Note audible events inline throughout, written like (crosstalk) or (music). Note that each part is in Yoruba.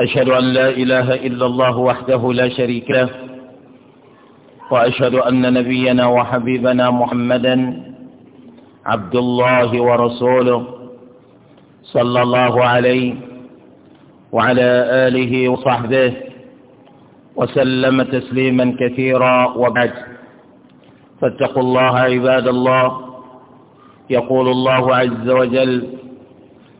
أشهد أن لا إله إلا الله وحده لا شريك له وأشهد أن نبينا وحبيبنا محمدا عبد الله ورسوله صلى الله عليه وعلى آله وصحبه وسلم تسليما كثيرا وبعد فاتقوا الله عباد الله يقول الله عز وجل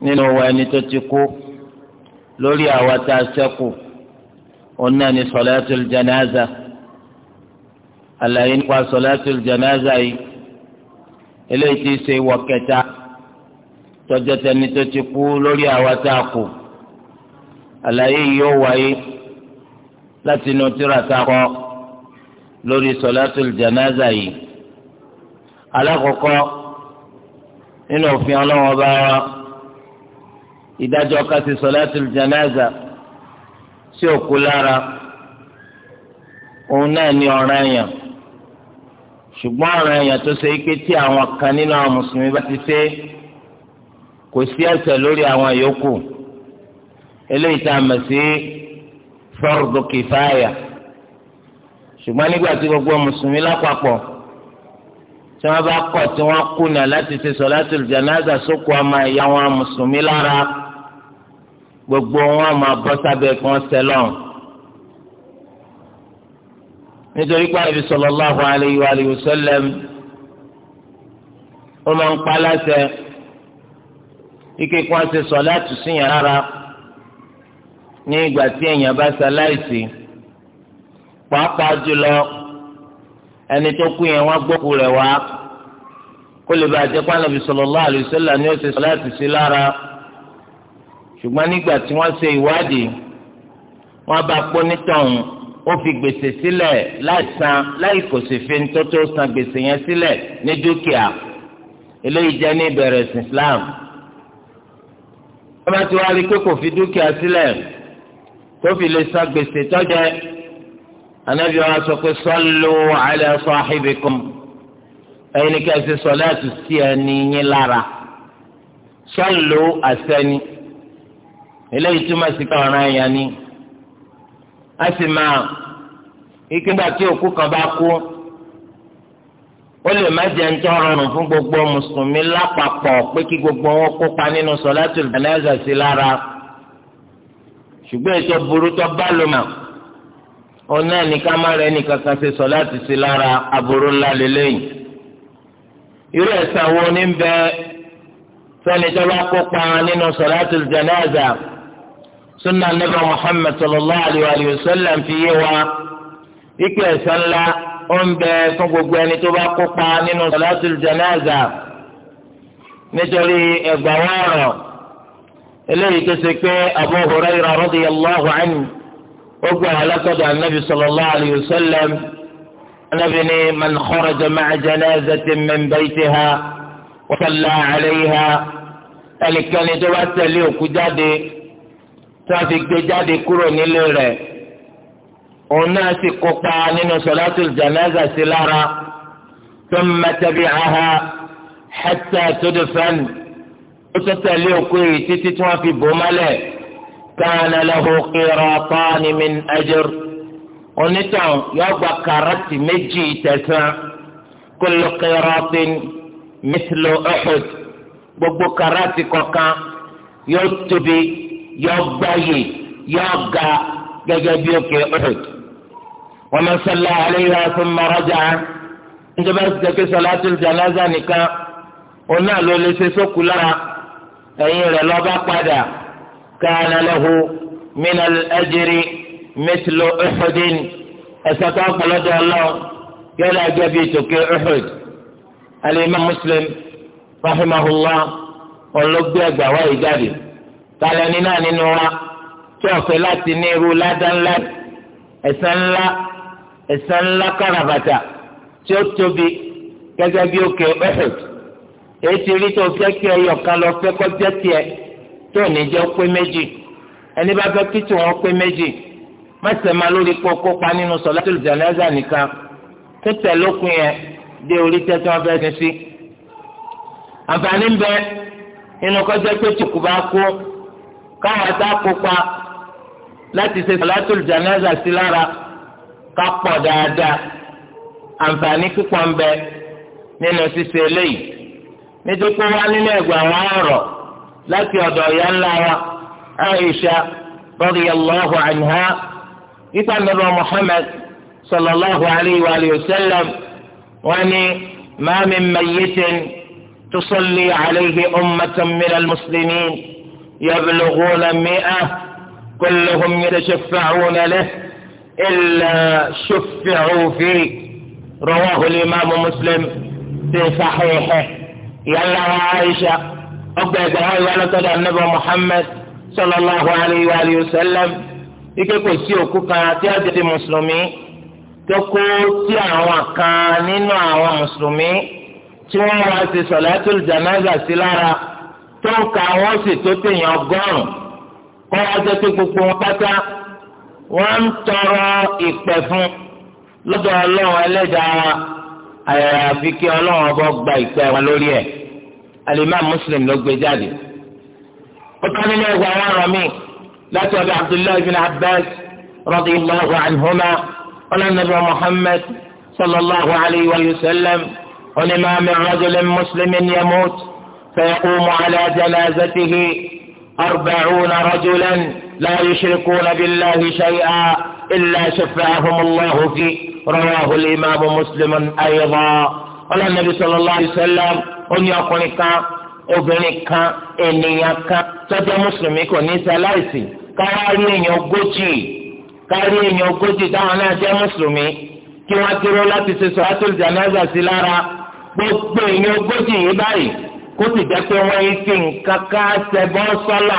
nínú wa ẹni tó ti kú lórí àwa tá a ṣẹ́kù òun náà ni sọlẹ́tùl jẹnáza àlàyé nípa sọlẹ́tùl jẹnáza yìí eléyìí ti ṣe ìwọ kẹta tọjọ tẹni tó ti kú lórí àwa tá a kù àlàyé yìí yóò wáyé láti inú tíra tá a kọ lórí sọlẹ́tùl jẹnáza yìí alákọ̀ọ́kọ́ nínú òfin ọlọ́wọ́n bá wa ìdájọ́ ká ṣe sọlátul janaza sí òkú lára òun náà ní ọ̀ràn èèyàn ṣùgbọ́n ọ̀ràn èèyàn tó ṣe ike tí àwọn kan nínú àwọn mùsùlùmí bá ti ṣe kò sí ẹ̀ṣẹ̀ lórí àwọn yòókù eléyìí tá a mọ̀ sí fardu kìfáyà ṣùgbọ́n nígbà tí gbogbo mùsùlùmí lápapọ̀ tí wọ́n bá kọ̀ tí wọ́n kùnà láti ṣe sọlátul janaza sókò ọmọ ìyá wọn mùsùlùmí lára gbogbo wọn máa bọ́ sábẹ́ kí wọ́n sẹ́ lọ́rùn. nítorí pé àbí sallallahu alayhi wa sallam ó máa ń pa láṣẹ ike kí wọ́n ṣe sọ̀láàtù síyàn rárá ní ìgbà tí èèyàn bá ṣaláìsí pàápàá jùlọ ẹni tó kú yẹn wọ́n gbókù rẹ̀ wá kó lè bàjẹ́ pé àbí sallallahu alayhi wa sallam ni ó ṣe sọ̀láàtù sí lára ṣùgbọ́n nígbà tí wọ́n ṣe ìwádìí wọ́n bá pọ́nítọ̀hún ó fi gbèsè sílẹ̀ láì san láì kò sì fi tó san gbèsè yẹn sílẹ̀ ní dúkìá eléyìí jẹ́ ní ìbẹ̀rẹ̀ sí Islam wọ́n bá ti wá rí i pé kò fi dúkìá sílẹ̀ tó fi lè san gbèsè tọ́jẹ́ anabi wa sọ pé sallu ala sahibikum ẹ̀yin ni ká ṣe sọ láti sí ẹni yín lára sallu àsẹ́ni eléyìí túmọ̀ sí pé ọ̀ràn ẹ̀yàn ni a sì máa ìkígbà tí òkú kan bá kú ó lè má jẹ́ ńtọ́ rọrùn fún gbogbo mùsùlùmí lápapọ̀ pé kí gbogbo wọn kópa nínú sọ̀látùl jánásà sí lára ṣùgbọ́n ètò burú tó bá lòmà òun náà ní ká má rẹ nìkankan ṣe sọ̀látù sí lára aburú ńlá lélẹ́yìn irú ẹ̀sán wo ní bẹ́ẹ̀ sẹ́ni tó bá kópa nínú sọ̀látùl jánásà. sunna nabi muhammad sallallahu alayhi wa sallam fi yé wa ikú ẹ̀san ńlá ó fún gbogbo ẹni tó bá kópa nínú salatul janaza nítorí ẹgbà wọ́ọ̀rọ̀ eléyìí tó ṣe pé abu hurairah radiyallahu anhu ó gbà alákọ̀dọ̀ anabi sallallahu alayhi wa sallam anabi ni man kharaja janaza ti min bayti ha wa salla alayha ẹnikẹ́ni tó bá tẹ̀lé òkú jáde. tí wọ́n fi gbé jáde kúrò nílé rẹ̀ òun náà sì kópa nínú sọ̀látùl janaza sí lára thumma tabi'aha hatta tudfan ó tó tẹ̀lé òkú yìí títí tí wọ́n fi bò mọ́lẹ̀ kana lahu qiratani min ajr onítàn yóò gba kàràtì méjì tẹ̀sán kullu qiratin mithlu uhud gbogbo kàràtì kọ̀ọ̀kan yóò tóbi. yọ gbáyé yọ ga gẹ́gẹ́ bí òkè Uhud wọn máa sọlá àlẹyìn àti mọrọjà níjọba ti tẹkẹ sọlá tó jànáza nìkan òun náà ló lè ṣe sókù lára ẹ̀yìn rẹ̀ lọ bá padà kana lahu min al-ajri mithlu Uhudin ẹsẹ tó ọpọlọdọ Ọlọ́run yóò lọ jẹ bíi tòkè Uhud al-Imam Muslim rahimahullah ọlọgbẹ ẹgbàá wáyé jáde. tààlẹ́ ní náà nínú wa tí ọ̀fẹ́ láti ní irú ládánlá ẹ̀san ńlá ẹ̀san ńlá kárabàtà tí ó tóbi gẹ́gẹ́ bí òkè ẹ̀hẹ̀d èyí ti rí tó fẹ́ kí ẹyọ kan lọ fẹ́ kọ́ jẹ́ tiẹ̀ tó ní jẹ́ pé méjì ẹni bá fẹ́ kí tí wọ́n pé méjì má ṣe máa lórí pọ̀ kópa nínú sọ̀látùl jánásà nìkan tó lókun yẹn dé orí tẹ́ tí wọ́n fẹ́ sin sí. àǹfààní ń bẹ nínú kọjá pé tìkú bá kú káwọn ata kópa láti ṣe salatul janaza sí lára ká pọ̀ dáadáa àǹfààní púpọ̀ ń bẹ nínú ṣíṣe eléyìí nítorí pé wá nínú ẹ̀gbọ́n àwọn ọ̀rọ̀ láti ọ̀dọ̀ ìyá ńlá wa Aisha radiyallahu anha ipa nàbà Muhammad sallallahu alayhi wa sallam wọn ni ma min mayyitin tusalli alayhi ummatan minal muslimin. يبلغون مئة كلهم يتشفعون له إلا شفعوا فيه رواه الإمام مسلم في صحيحه يلا عائشة أبدا هاي ولد النبي محمد صلى الله عليه وآله وسلم ike سيوكو كانت òkú مسلمي تقول a ti mùsùlùmí مسلمي kó tí àwọn kan nínú tó ń ka wọ́n sì tó téèyàn ọgọ́rùn kọ́ ọjọ́ tó gbogbo wọn pátá wọ́n ń tọrọ ìpẹ̀ fún lọ́dọ̀ ọlọ́run ẹlẹ́dàá wa àyàfi kí ọlọ́run ọbọ̀ gba ìpẹ́ wọn lórí ẹ̀ alimami muslim ló gbé jáde. ó tán nínú ẹgbẹ́ àwọn ọ̀rọ̀ mi láti ọ̀dọ̀ abdullahi bin abbas radiyallahu anhuma ọlọ́nàbí muhammad sallallahu alayhi wa sallam onímọ̀ àmì rajulin muslimin yamut. فيقوم على جنازته أربعون رجلا لا يشركون بالله شيئا إلا شفعهم الله فيه رواه الإمام مسلم أيضا قال النبي صلى الله عليه وسلم أن يقول obìnrin kan ènìyàn kan tọ́jọ́ mùsùlùmí kò ní sáláìsì kárí èèyàn ogójì kárí èèyàn ogójì táwọn náà jẹ́ mùsùlùmí kí wọ́n dúró láti ṣe sọ́hátùl jánásà sí lára gbogbo èèyàn ogójì yìí báyìí kó sì jẹ́ pé wọ́n yìí fi nǹkan ká ṣẹbọ sọ́lá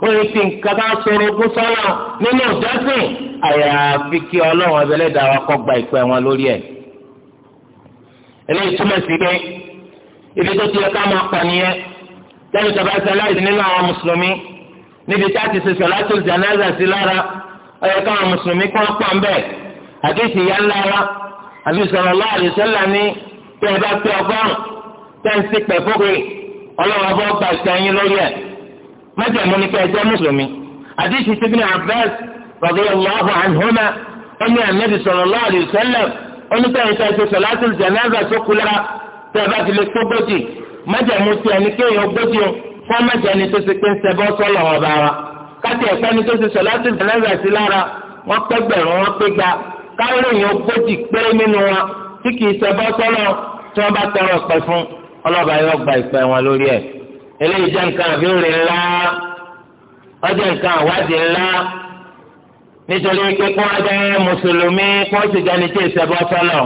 wọ́n yìí fi nǹkan ká sorogún sọ́lá nínú ìjọsìn àyàfi kí ọlọ́run ẹlẹ́dàá wa kó gba ìpẹ́ wọn lórí ẹ̀. eléyìí túmọ̀ sí pé ibi tó ti yẹ ká máa pọ̀ nìyẹn lẹ́yìn tó bá ṣe aláìsí nínú àwọn mùsùlùmí níbi tá a ti ṣe sọ̀látò jánásà sí lára ọ̀yẹ káwọn mùsùlùmí kọ́ pọ̀ ń bẹ̀ àdéhìí ìyá ńlá wa àbí sallallahu alaihi wasallam ní bí ẹ bá pé ọgọ́rùn-ún tẹ́ǹsì pẹ̀ fókè ọlọ́run ọba ọgbà ìsẹ́yìn lórí ẹ̀ mẹ́tẹ̀ẹ̀mú ni kẹ́ẹ̀jẹ́ mùsùlùmí àdìsí ti bínú Abbas radiyallahu anhuma ẹni ànábì sallallahu alaihi wasallam oníkẹ́yìn tá a ṣe salatul janaza sókù lára tẹ́ ẹ bá ti lè tó gbòdì mẹ́tẹ̀ẹ̀mú ti ẹni kéèyàn gbòdì o fún mẹ́tẹ̀ẹ̀ni tó ti pé ń sẹ́bọ́ wọ́n pẹ́ gbẹ̀rún pé gba káwọn èèyàn gbòdì péré nínú wa tí kì í sẹ́bọ́ sọ́lọ̀ tí wọ́n bá tọrọ pẹ̀ fún un ọlọ́ba yóò gba ìpẹ́ wọn lórí ẹ̀ eléyìí jẹ́ nǹkan àbíòrè ńlá ọjọ́ nǹkan àwádìí ńlá nítorí pé kó wọ́n jẹ́ mùsùlùmí kó sì jẹ́ni tí ìṣẹ̀bọ sọ́nà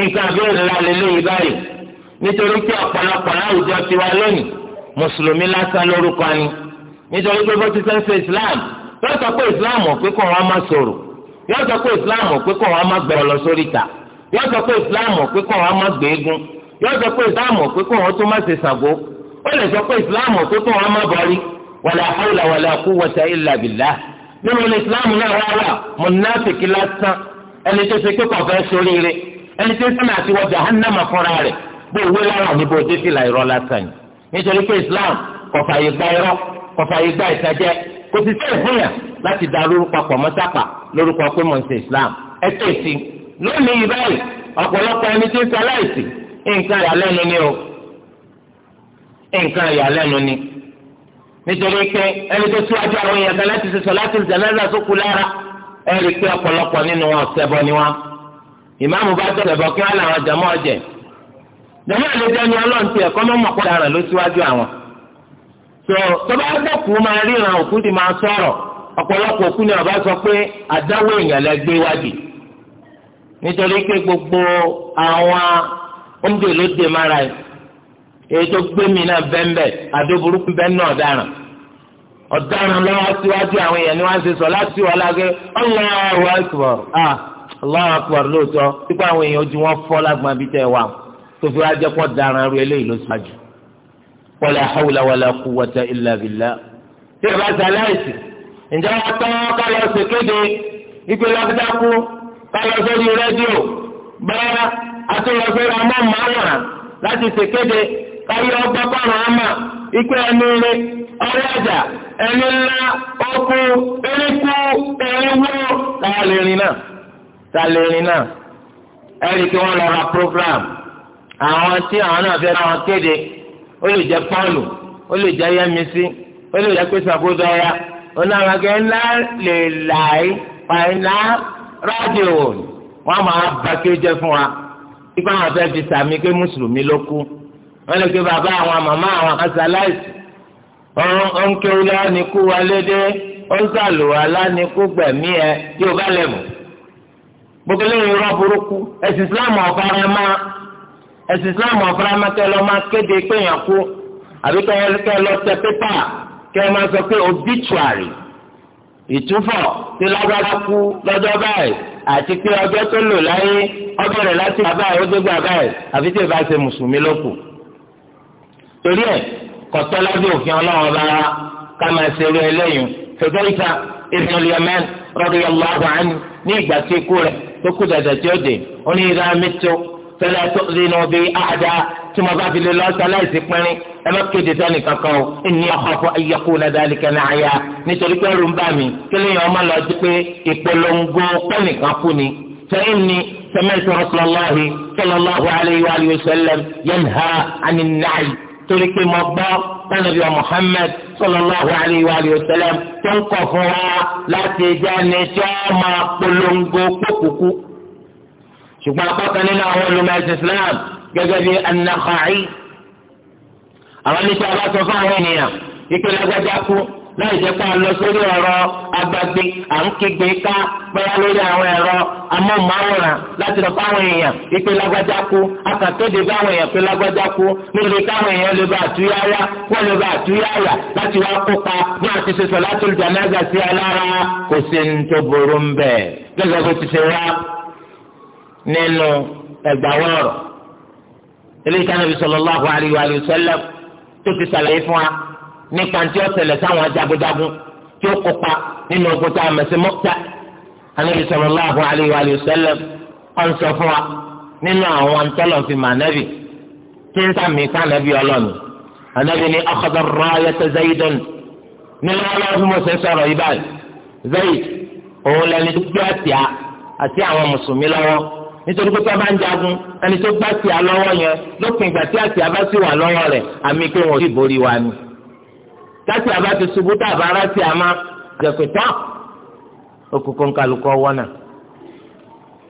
nǹkan àbíòrè ńlá lélẹ́yìí báyìí nítorí pé ọ̀pọ̀lọpọ̀ láwùjọ lónìí mùsùlùmí lásán lórúkọ ni nítorí pé bó ti ń ṣe Islam yóò sọ pé Islam pé kó yóò sọ pé islam ò pé kó wọn tó má ṣe Ṣàngó ó lè sọ pé islam ò pé kó wọn má bọrí wàlà hàwùlà wàlà quwwata illa billah nínú ilé islam náà wà wà mùnàfíkì lásán ẹni tó ṣe pé kò fẹ́ sóríire ẹni tó sẹ́nà àti wọ jahannama fúnra rẹ̀ bó ìwé lára ní bó dé fìlà irọ́ lásán yìí nítorí pé islam kò fààyè gba irọ́ kò ìtajẹ kò sì sẹ́ẹ̀ fún láti da lórúkọ pọ̀ mọ́sápà nǹkan ìyàlẹ́nu ni o nǹkan ìyàlẹ́nu ni nítorí pé ẹni tó síwájú àwọn èèyàn kan láti sọ̀rọ̀ láti jánásà sókù lára ẹ̀rí pé ọ̀pọ̀lọpọ̀ nínú wọn ṣẹbọ ni wọn ìmáàmù bá tọ̀ ṣẹbọ kí wọn làwọn jàmọ́ ọ̀jẹ̀ jàmọ́ àlejò ni ọlọ́run ti ẹ̀kọ́ mọ́mọ́ kó dára ló síwájú àwọn tó tọ́ba ẹ̀dọ́kù máa ríran òkú ti máa sọ̀rọ̀ ọ̀pọ̀lọpọ̀ òkú ni ọba sọ pé àdáwọ̀ èèyàn lẹ gbé wájú nítorí pé gbogbo àwọn oúnjẹ ló dé mára yìí èyí tó gbé mi náà bẹ́ńbẹ́ àdó burúkú bẹ́ẹ̀ náà dáràn ọ̀daràn lọ́wọ́ síwájú àwọn èèyàn ni wọ́n ṣe sọ láti wọ́n lágé Allahu Akbar ah Allahu Akbar lóòótọ́ pípa àwọn èèyàn ojú wọn fọ́ lágbọ́n bí tẹ́ wà tó fi wá jẹ́ pọ̀ daràn ru eléyìí ló ṣáájú. wala hawla wala quwwata illa billah. tí ìbá sàlẹ́sì ǹjẹ́ wọ́n tọ́ atúnlọ́sọ̀rọ̀ ọmọ màmá láti ṣèkéde káyọ̀ ọgbọ́kọ̀rọ̀ ọmọ ikú ẹni rẹ ọrẹ àjà ẹni ńlá ọkú erékú eréwó táwọn lè rìn náà táwọn lè rìn náà ẹ̀rí kí wọ́n lọ ra program àwọn tí àwọn náà fẹ́ ra wọn kéde ó lè jẹ́ pọ́ọ̀lù ó lè jẹ́ yẹ́mísí ó lè jẹ́ pèsè àkójọ ya onáwàgẹ́ ńlá lè láì pàìlà rádìò wọ́n máa bá kí fún wa ikú àwọn afẹ́ fi sàmì pé mùsùlùmí ló kú wọ́n lè pe bàbá àwọn màmá àwọn asaláìsì ó ń kéwú lánìí kú wálé dé ó ń sàlùwà lánìí kú gbẹ̀mí ẹ tí o bá lẹ̀ mọ́ gbogbo lẹ́yìn irọ́ burúkú ẹ̀sìn islam ọ̀farama ẹ̀sìn islam ọ̀farama kẹ́ lọ́ máa kéde pé kú àbí kẹ́ lọ́ tẹ pépà kẹ́ máa sọ pé obituary ìtúfọ̀ tí lágbára kú lọ́jọ́ báyìí àti pé ọjọ́ tó lò láyé ọjọ́ rẹ̀ láti bàbá rẹ̀ ó dé bàbá rẹ̀ àfi tí ìbá ṣe mùsùlùmí ló kù. torí ẹ̀ kọ̀tọ́ lábẹ́ òfin ọlọ́run ọba ká máa ṣe eré ẹlẹ́yìn fẹ̀fẹ́ríkà ibn al-Yaman radiyallahu anhu ní ìgbà tí ikú rẹ̀ tó kú dàdà tí ó dé ó ní ìdá mẹ́tọ́ fẹ́lẹ́ tó tí mo bá fi lè lọ sọ láìsí pínrín ẹ má kéde sani kankan o inni akhafu an yakuna dhalika na'ya nítorí pé ẹrù ń bà mí kí lóyún ọmọ lọ sí pé ìpolongo pẹ́nìkan kú ni فإني سمعت رسول الله صلى الله عليه وآله وسلم ينهى عن النعي torí pé mo gbọ́ tánàbí wa Muhammad sallallahu alayhi wa alihi wa tó ń kọ̀ fún wa láti jáde tí wọ́n máa polongo pókùkù. ṣùgbọ́n apákan nínú àwọn olùmọ̀ ẹ̀sìn Islam gẹ́gẹ́ bí anaxaayi àwọn níta bá sọ fún àwọn ènìyàn ìpele agbájá kú láì jẹ́ pé a lọ sórí ọ̀rọ̀ agbágbé à ń kígbe ká bẹ́ẹ̀ lórí àwọn ẹ̀rọ amóhùnmáwòrán láti lọ fáwọn èèyàn ìpele agbájá kú akàtúndì báwọn èèyàn pele agbájá kú níbi káwọn èèyàn lè ba àtúnyáyá kó lè ba àtúnyáyá láti wá kópa bí a ti ṣe solatul janaza sí alára kò sí ní tó burú ń bẹ̀ gẹ́gẹ́ ti ṣe wá nínú ẹgbàá eléyìí tí anabi sallallahu alayhi wa sallam tó ti sàlàyé fún wa nípa tí ó ṣẹlẹ̀ sáwọn jagunjagun tí ó kópa nínú ogun tá a mẹsẹ mọta anabi sallallahu alayhi wa sallam ó ń sọ fún wa nínú àwọn ntọ́lọ̀fin mànẹ́bì tí ń sàmì ká anabi ọlọ́nu anabi ni akhadha ar-rayata Zaydun nínú ọlọ́run mo ṣe sọ̀rọ̀ yìí báyìí Zayd òun lẹni nítorí pé tó bá ń jagun ẹni tó gbá sí alọ́wọ́ yẹn lópin ìgbà tí àti abá sì wà lọ́wọ́ rẹ̀ àmì pé wọn sì borí wa ni láti abá ti ṣubú tá àbá ara sí àmá àjẹpẹ tán òkùnkùn kálukọ wọnà.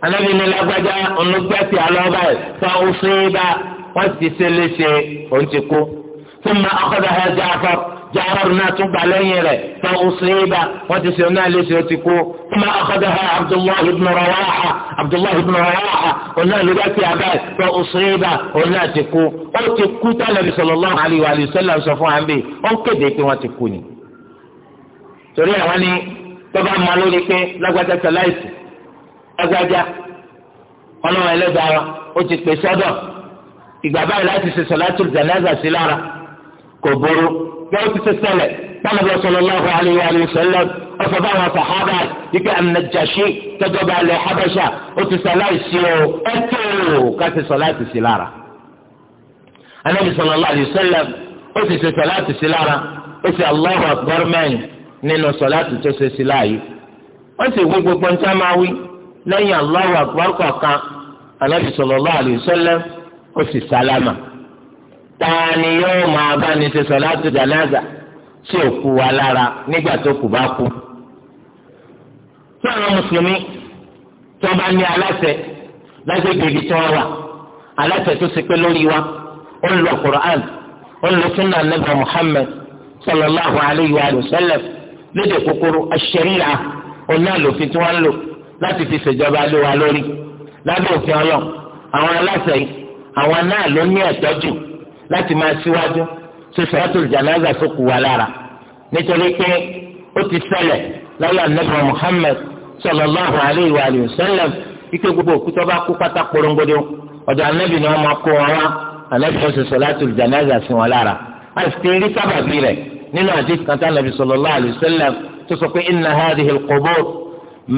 anábì ní lágbájá olùgbé sí alọ́wọ́ báyìí tó ń fún yín bá wọ́n ti ṣe léṣe òun ti kú. fún mi akọ́dọ̀ ẹ̀ jáfọ́ jàwárù náà tún gbà lẹ́yìn rẹ̀ tó ń sèébà wọ́n ti sèé náà léṣe ó ti kú ọmọ akadaha abdullahi ibn rawaha abdullahi ibn rawaha òun náà ló bá ti àbá tó ń sèébà òun náà ti kú ó ti kú tálẹ̀ bisalòláhu alayhi wa sallam sọ fún ambi ó ń kéde pé wọ́n ti kú ni. torí àwọn ni tọ́ba máa lórí pé lágbájá tẹ̀láìsì lágbájá ọlọ́run ẹlẹ́dàá ó ti pèsè ọ̀dọ̀ ìgbà bẹ́ẹ̀ ti ṣe ṣẹlẹ̀ báwọn lọ sọlọ lọ́wọ́ àlèyé àlèyé sọlọ ọsọ báwọn sàhábà yìí pé ànàjàṣe tọjọba alẹ habẹṣà ó ti sàláìsí o ẹ tó o ká ti sọ láti sí lára. anabi sọlọ lọ́wọ́ àlèyé sọlọ ó ti ṣe sọ láti sí lára ó ti Allahu akbar mẹ́rin nínú sọ láti tó ṣe sí láàyè. wọ́n sì wí gbogbo ń tẹ́ máa wí lẹ́yìn Allahu akbar kọ̀ọ̀kan anabi sọlọ lọ́wọ́ àlèyé sọlọ ó sì sálámà tani yóò máa bá ní ṣe sọ̀láàtù jànáza sí òkú wa lára nígbà tó kù bá kú. tí àwọn mùsùlùmí tí wọ́n bá ní aláṣẹ lágbègbè ibi tí wọ́n wà aláṣẹ tó ṣe pé lórí wa ó ń lo Qur'an ó ń lo sunna anabi Muhammad sallallahu alayhi wa sallam lédè kúkúrú aṣẹ́ríà ọ̀nà tí wọ́n lò láti fi ṣèjọba lé wa lórí lábẹ́ òfin ọlọ́ àwọn aláṣẹ àwọn náà ló ní ẹ̀tọ́ jù. láti máa síwájú ṣe sọ́tò jànáza sókù wà lára nítorí pé ó ti ṣẹlẹ̀ lọ́la nàbà muhammed sọlọ lọ́hùn alẹ́ ìwà wa sallam ike gbogbo òkúta bá kú pátá kporongodo ọ̀dọ̀ anabi ni wọ́n máa kó wọn wá anabi ó ṣe sọ́tò jànáza sí wọn lára a sì ti rí sábàbí rẹ̀ nínú àti kàńtà tá nàbì sallallahu alayhi wa sallam tó sọ pé inna hadhihi al-qubur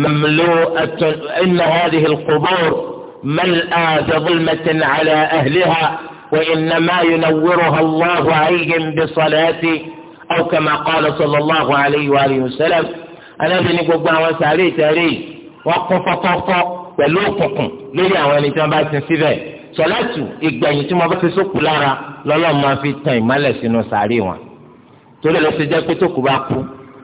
mamlu'atun inna hadhihi al-qubur mal'a zulmatan ala ahliha. وإنما ينورها الله عليهم بصلاته أو كما قال صلى الله عليه وآله وسلم أنا بني قبعة وساري تاري وقف فطفط pẹ̀lú òkùnkùn lórí àwọn ẹni tí wọ́n bá ti síbẹ̀ sọ̀látù ìgbẹ̀yìn tí wọ́n bá ti sókù lára lọ́lọ́run máa fi tan ìmọ́lẹ̀ sínú sàárè wọn. torí ló ṣe jẹ́ pé tó kù bá kú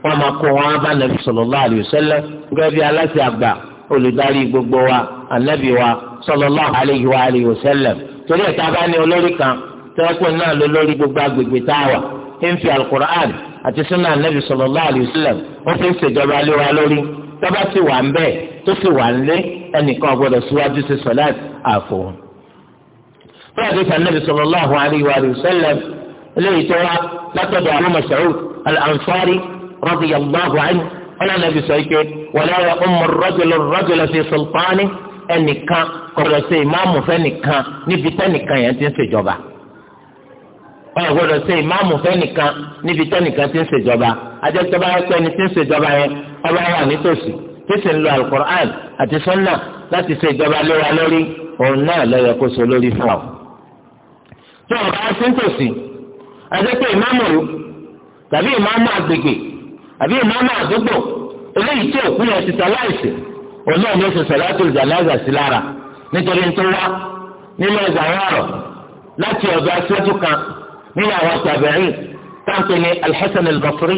wọ́n máa kó wọn bá nàbí sallallahu alaihi wasallam gẹ́gẹ́ bí aláṣẹ àgbà olùdarí gbogbo wa ànábì wa sallallahu alaihi wa alihi wasallam torí ẹ̀ta bá ní olórí kan tí wọ́n pè náà ló lórí gbogbo agbègbè tá a wà ń fi alukur'an àti sunnah nabi sallallahu alayhi wa sallam wọ́n fi ń ṣèjọba léwa lórí tọ́ba ti wà ń bẹ́ẹ̀ tó sì wà ń lé ẹnìkan gbọ́dọ̀ síwájú sí sọ̀láàt àfọ̀hún. fúlàdé kan nabi sallallahu alayhi wa sallam eléyìí tó wá látọ̀dọ̀ Abu Mas'ud al-Ansari radiyallahu anhu ọ̀nà ẹnìkan kọ̀dọ̀ ṣe ìmáàmù fẹ́nìkan níbi tẹ́nìkan yẹn ti ń ṣèjọba wọn gbọ́dọ̀ ṣe ìmáàmù fẹ́nìkan níbi tẹ́nìkan ti ń ṣèjọba ajẹtọba ẹgbẹ ni ti ń ṣèjọba yẹn ọba wà nítòsí tí sì ń lo alukur'an àti sunna láti ṣe ìjọba léwa lórí òun náà lọ́yọ̀ kó so lórí fún ọ. tí wọn bá ṣe ń tòsí ajẹtọ ìmáàmù rú tàbí ìmáàmù àgbègbè àbí ìmáàmù àdúgbò eléyìí tí òkú yẹn ti ta láìsí ní ẹsẹ sọlá tó zà jànáza sí lára nítorí ń tó wá nínú ẹgbẹ àwọn wàrọ̀ láti ọ̀dọ̀ aṣáájú kan nínú tàbẹrẹ tàbẹ̀rì táǹkì ní alḥasan al-basri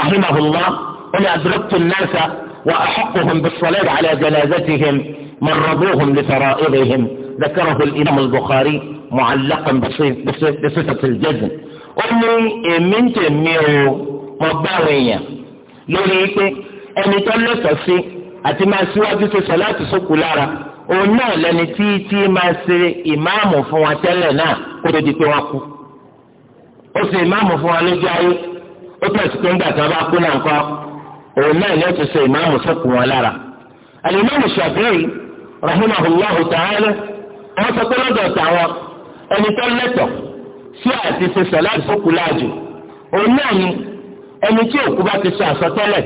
rahimahullah wọn ni adraktu an-nasa wa ahaqquhum bis-salati ala janazatihim man raduhum li fara'idihim ذكره الإمام البخاري معلقا بصفة الجزم أمي إمنت ميو مباوية لوريك أمي تلسسي àti máa síwájú ṣe sọláàtì sókù lára òun náà lẹni tí tí máa ṣe ìmáàmù fún wa tẹ́lẹ̀ náà kó tó di pé wọ́n kú ó ṣe ìmáàmù fún wa lójú ayé ó tẹ̀sí pé ńgbà tí wọ́n bá kú náà kọ́ òun náà ni ó ti ṣe ìmáàmù sókù wọn lára. alimami shafi'i rahimahullahu ta'ala wọ́n sọ pé lọ́dọ̀ tàwọn ẹni tó lẹ́tọ̀ sí àti ṣe sọláàtì sókù láàjù òun náà ni ẹni tí òkú bá ti ṣe àsọtẹ́lẹ̀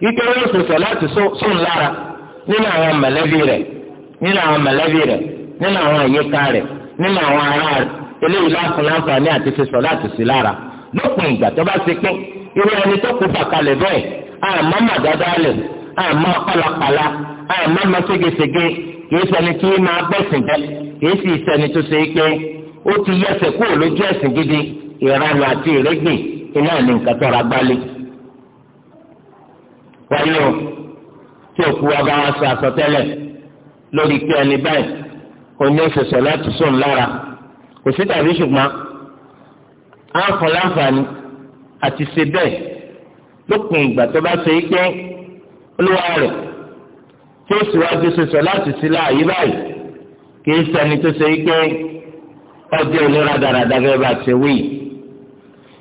wípé yóò sòsò láti sùn lára nínú àwọn mọ̀lẹ́bí rẹ̀ nínú àwọn mọ̀lẹ́bí rẹ̀ nínú àwọn àyíká rẹ̀ nínú àwọn ará rẹ̀ eléyìí láfún láǹfààní àti sísọ láti sí lára lópin ìgbà tó bá ti pín irú ẹni tó kú fàkalẹ̀ bẹ́ẹ̀ àmọ́ màdádálẹ̀ àmọ́ pàlàpàlà àmọ́ màségesège kìí ṣẹni tí máa bẹ̀sìn bẹ́ kìí sì ṣẹni tó ṣe é pé ó ti yẹsẹ̀ kúrò lójú ẹ̀sìn gidi ìranu àti ìrégbè iná ní nǹkan tó ra gbálẹ̀ wáyé o tí òkú wa bá wọn sọ àsọtẹ́lẹ̀ lórí pé ẹni báyìí oní òṣèṣẹ láti sùn lára kò sí tàbí ṣùgbọ́n á fún láǹfààní àti ṣe bẹ́ẹ̀ lópin ìgbà tó bá ṣe pé olúwa rẹ̀ tí ó síwájú ṣoṣọ láti sí láàyè báyìí kì í ṣẹni tó ṣe pé ọjọ́ onírà dáradára bẹ́ẹ̀ bá ṣe wí.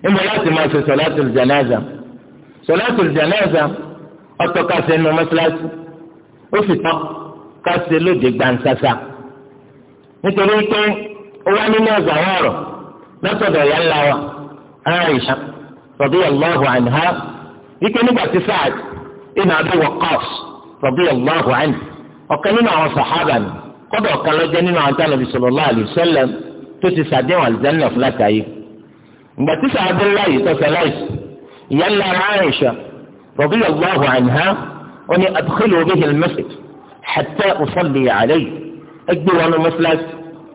ìmọ̀ láti máa ṣe sọ̀látùl jánásà sọ̀látùl jánásà ọtọ kásẹ nù mọ́sálásí ó sì tọ́ kásẹ lóde gbansasa nítorí pé ó wá nínú ọ̀sà àwọn ọ̀rọ̀ lọ́sọ̀dọ̀ ìyá ńlá wa Aisha radiyallahu anha wípé nígbà tí Sa'ad ibn Abi Waqqas radiyallahu anhu ọ̀kan nínú àwọn sàhábà ni kọ́dọ̀ ọ̀kan lọ́jọ́ nínú àwọn tánàbí sallallahu alayhi tó ti sàdéhùn àlùjánnà fúlàtà yìí ìgbà tí Sa'ad ńlá yìí tọ́sẹ̀ láìsí ìyá ńlá Aisha رضي الله عنها وأني أدخله به المسجد حتى أصلي عليه أجدوا أنه مثلث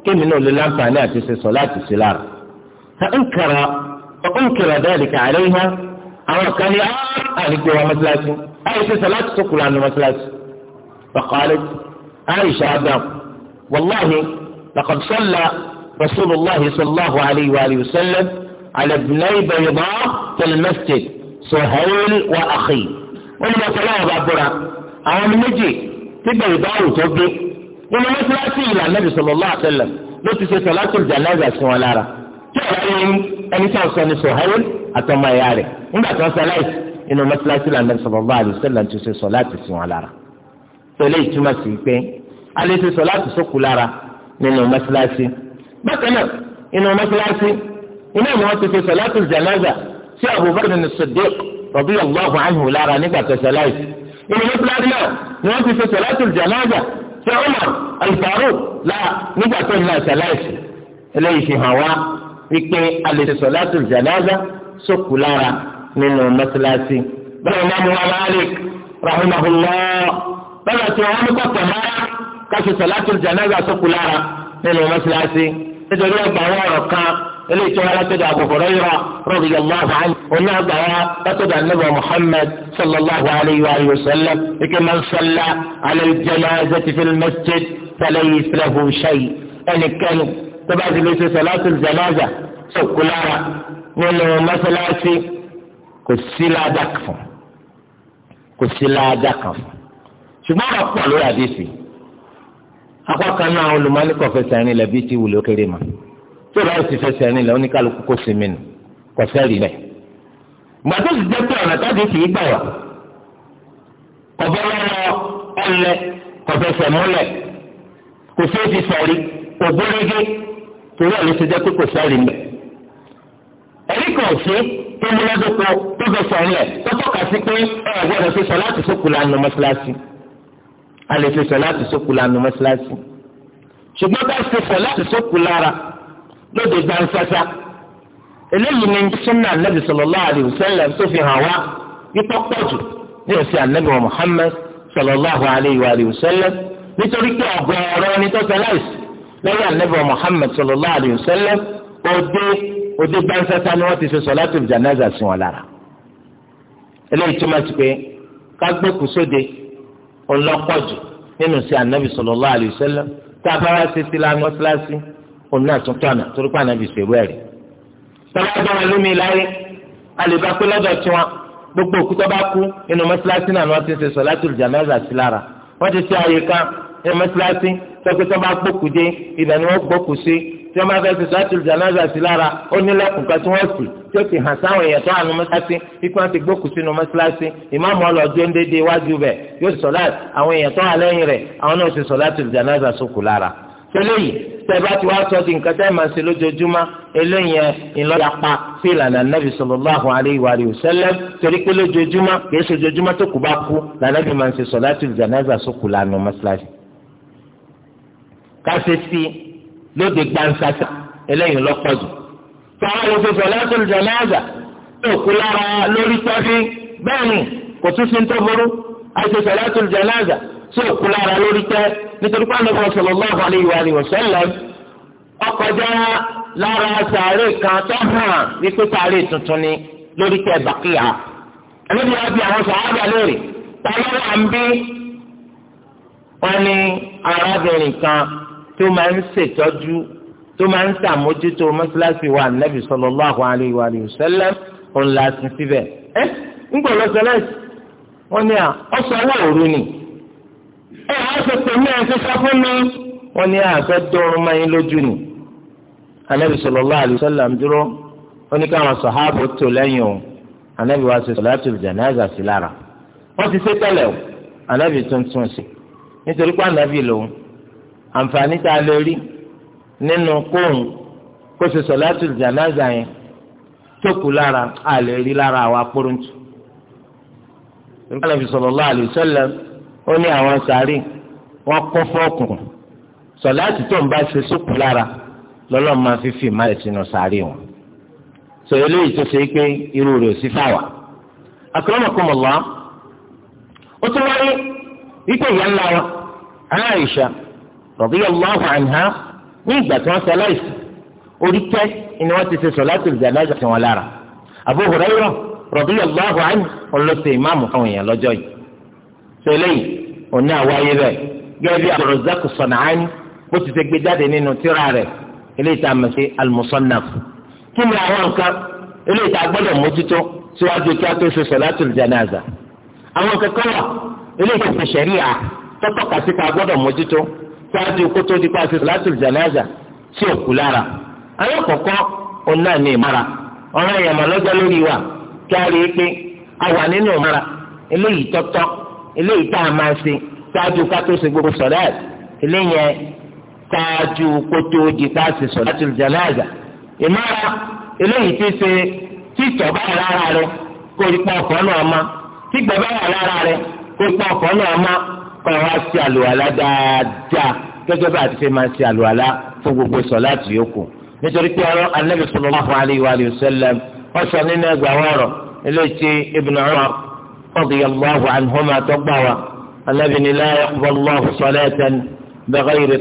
كم منه لله فعلات صلاة السلام فأنكر فأنكر ذلك عليها أو كان أهجر مثلث أي صلاة سكر عن مثلث فقالت عائشة أبدا والله لقد صلى رسول الله صلى الله عليه وآله وسلم على ابني بيضاء في المسجد Suhail wa akhi wọ́n ní bàtà láwọn bá bọ̀ra àwọn ọmọ méjì tí bẹ̀rẹ̀ bá wù tó gbé nínú mọ́tíláṣí ìlà nàbì sallallahu alaihi wasallam ló ti ṣe salatul janaza sí wọn lára tí ọ̀rẹ́ ẹni tí a sọ ni Suhail àtọmọ ẹ̀yà rẹ̀ nígbà tí wọ́n sọ aláìsí nínú mọ́tíláṣí ìlà nàbì sallallahu alaihi wasallam ti ṣe salati sí wọn lára tẹ̀lé ìtumọ̀ sí pé alẹ́ ti salati sókù lára nínú mọ́tíláṣí bákan náà nínú mọ́tíláṣí iná ni ti ṣe salatul janaza sí Abubakar ní Siddiq radiyallahu anhu lára nígbà tẹ̀sẹ̀ láìsí. ìròyìn fúlàdí náà ni wọ́n ti fi salatul janaza sí Umar al-Faruq láà nígbà tó ń láìsẹ̀ láìsí. eléyìí fi hàn wá wípé a lè ṣe salatul janaza sókù lára nínú mọ́sálásí. bẹ́ẹ̀ ni wọ́n Malik rahimahullah bẹ́ẹ̀ ni wọ́n kọ̀ tẹ̀mára káṣí salatul janaza sókù lára nínú mọ́sálásí. nítorí ọgbà wọn ọ̀rọ̀ kan eléyìí tó wá látọ̀dọ̀ Abu Hurairah radiyallahu anhu náà gbà wa látọ̀dọ̀ anábọ̀ muhammed sallallahu alayhi wa sallam ike man salla ala al-janazati fil masjid falaysa lahu shay ẹnikẹ́ni tó bá ti lè ṣe salatu al-janaza sọ̀kúlára nínú mọ́sálásí kò sí ládàkàn fún kò sí ládàkàn fún ṣùgbọ́n àpọ̀ lórí àdéhùn akọ́kọ́ náà olùmọ́nìkọ̀ fẹsẹ̀ rìn lẹ̀ bí ti wùlé kéré ma tí o bá sì fẹsẹ̀ rìn lẹ̀ oníkàlùkù kó sinmi nù kò sẹ́rì lẹ̀. gbàtó sì jẹ́ pé ọ̀nà tábìlì kì í gbà wá kọ̀bẹ́ lọ́wọ́ ọ̀lẹ kọ̀fẹsẹ̀ múlẹ̀ kò sí èsì sọ̀rí ògbórígé torí ẹ̀ ló ti jẹ́ pé kò sẹ́rì lẹ̀. ẹ̀rí kan sí tó múlẹ́dọ́kọ tó fẹsẹ̀ rìn lẹ̀ tó tọ́ka sí pé ẹ̀ a lè fi sọláàtì sókù lanu mọ́ṣáláṣí ṣùgbọ́n bá ṣe sọláàtì sókù lára lóde gbansasa eléyìí ni sunna anabi sallallahu alayhi wa sallam tó fi hàn wá yípo pọ̀jù ní òsì anabi wa muhammad sallallahu alayhi wa sallam nítorí pé ọ̀gọ̀ọ̀rọ̀ ẹni tó sọláìsì lọ́wọ́ anabi wa muhammad sallallahu alayhi wa sallam òde òde gbansasa ni wọ́n ti ṣe sọláàtì janaza sí wọn lára eléyìí túmọ̀ sí pé ká gbé kùsóde ọlọ́pọ̀jù nínú sí anabi sallallahu alaihi wasallam tá a bá wá sí sí lánàá síláṣí òun náà tún tọ̀nà torí pé anabi ṣèwé rẹ̀. sábà wọn lómi láyé alèbá pé lọ́dọ̀ tí wọn gbogbo òkúta bá kú nínú mọ́sálásí náà ni wọ́n ti ń ṣe sọ̀látùl jánásà sí lára wọ́n ti ṣe àyè kan nínú mọ́sálásí sọ pé tó bá gbókùdé ibẹ̀ ni wọ́n gbókù sí tí wọ́n bá fẹ́ fi sọ́ọ́tù jànáza sí lára ó ní lẹ́kùn kan tí wọ́n sì tí ó ti hàn sáwọn èèyàn tó wà nù mọ́sálásí ikú wọn ti gbókù sínú mọ́sálásí ìmáàmù ọlọ́jọ́ ń dédé iwájú bẹ̀ yóò sọ láti àwọn èèyàn tó wà lẹ́yìn rẹ̀ àwọn náà ti sọ láti sókù lára. sẹ́lẹ̀yì tẹ́ bá ti wá sọ di nǹkan tẹ́ máa ṣe lójoojúmọ́ eléyìí ìlọ́yàpá sí ìlànà nàbì sallallahu alaihi wa sallam torí pé lójoojúmọ́ kì í ṣojoojúmọ́ tó kù bá kú lànàbì máa ń ṣe sọ láti sókù lánàá mọ́sálásí. ká ṣe sí lóde gbansasa eléyìí lọ́pọ̀jù. sọ̀rọ̀ ló ti sọ̀rọ̀ tó lùjọ náàzà tó kú lára lórí tọ́sí bẹ́ẹ̀ ni kò tún sí ń tó burú àti sọ̀rọ̀ tó lùjọ náàzà tó kú lára lórí tẹ́ nítorí pé àlọ́ sallallahu alaihi wa sallam ọkọjá lára sàárè kan tó hàn wípé sàárè tuntun ni lórí tẹ́ bàkìyà. ẹlẹ́bi wá bí àwọn sàárè lórí tàbí tó máa ń ṣètọ́jú tó máa ń ṣàmójútó mọ́ṣáláṣí wa nàbì sallallahu alaihi wa sallam òun la sin síbẹ̀. ẹ ń gbọ́ lọ sẹlẹ̀sì wọ́n ní à ọ̀sán owó òru ni ẹ á sọ pé ní ẹ̀sìn sọ fún mi wọ́n ní àfẹ́ dọ́rùn mọ́yìn lójú ni. anabi sallallahu alaihi wa sallam dúró ó ní káwọn sọ̀háàbù tó lẹ́yìn o anabi wa ṣe àǹfààní tá a lè rí nínú kóun kó ṣe sọ̀láàtù jànáza yẹn tó kù lára a lè rí lára àwọn akpọ́rọ̀ǹtù. Ànábì sallallahu alaihi wasallam ó ní àwọn sàárì wọ́n kún fún ọkùnkùn sọ̀láàtù tó ń bá ṣe sókù lára lọ́lọ́ máa fi fi máa sínú sàárì wọn. sọ eléyìí tó ṣe é pé irú rẹ̀ sí fáwà. akramakumullah ó tún wáyé wípé ìyá ńlá wa Aisha radiyallahu anha ní ìgbà tí wọ́n sọ láìsí orí kẹ́ ni wọ́n ti ṣe salatul janaza tí wọ́n lára Abu Hurairah radiyallahu anhu ọlọ́sẹ̀ ìmáàmù fáwọn èèyàn lọ́jọ́ yìí sọlẹ́ yìí òní àwáyé rẹ̀ gẹ́gẹ́ bí Abdurrazzaq San'ani bó ti ṣe gbé jáde nínú tírà rẹ̀ eléyìí tá a mọ̀ sí al-Musannaf gbọ́dọ̀ mójútó ṣáájú kótó di pàṣẹ sọlátùl jánásà sí òkú lára alákọ̀ọ́kọ́ òun náà ní ìmára ọ̀rọ̀ ìyàmà lọ́jọ́ lórí wa kí a rí i pé a wà nínú ìmára ele tọ́tọ́ eléyìí tá a máa ṣe ṣáájú kátó ṣe gbogbo sọ̀láàt eléyẹn ṣáájú kótó di pàṣẹ sọlátùl jánásà ìmára eléyìí ti ṣe tí ìtọ̀ bá lára rẹ kó ipa ọ̀fọ́ náà má tí ìgbẹ́ bá lára rẹ kó ipa ọ̀fọ́ náà má. kọ́ wa ṣe àlùwàlá dáadáa gẹ́gẹ́ bá a ti ṣe máa ṣe àlùwàlá fún gbogbo sọ láti yòókù nítorí pé ọ̀rọ̀ anabi sọ̀rọ̀ wà fún alayhi wa sallam ọ̀sọ̀ nínú ẹgbà ilé ilé tí ibn Umar radiyallahu anhuma tó gbà wá anabi ni la yaqbalullahu salatan bighayri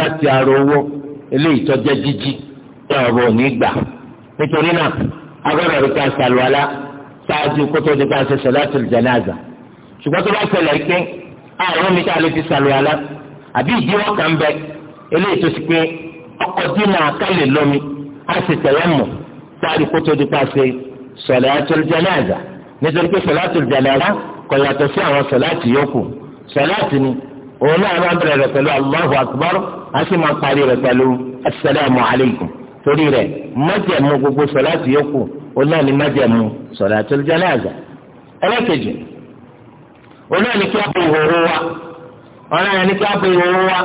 láti ara owó eléyìí tó jẹ́ jíjí ní ọ̀rọ̀ òní gbà nítorí náà agbọ́dọ̀ rí ká sàlùwàlá ṣáájú kótó ní ká ṣe sọ̀láàtì jánásà ṣùgbọ́n tó bá ṣẹlẹ̀ pé àrùn mi ká lè fi sàlùwàlá àbí ìdíwọ́ kan bẹ eléyìí tó ti pé ọkọ̀ dínà kálẹ̀ lómi á sì tẹ̀lé mọ̀ sáájú kótó ní ká ṣe sọ̀láàtì jánásà nítorí pé sọ̀láàtì jánásà kò yàtọ̀ sí àwọn sọ̀láàtì yòókù sọ̀láàtì a sì máa parí rẹ̀ pẹ̀lú asalaamu alaykum torí rẹ̀ májẹ̀mú gbogbo sọ̀láàtì yòókù ọlọ́ọ̀ ni májẹ̀mú sọ̀láàtì jánásà ẹlẹ́kejì ọlọ́ọ̀ ni kí a bọ ìhòòhò wa ọlọ́ọ̀ ni kí a bọ ìhòòhò wa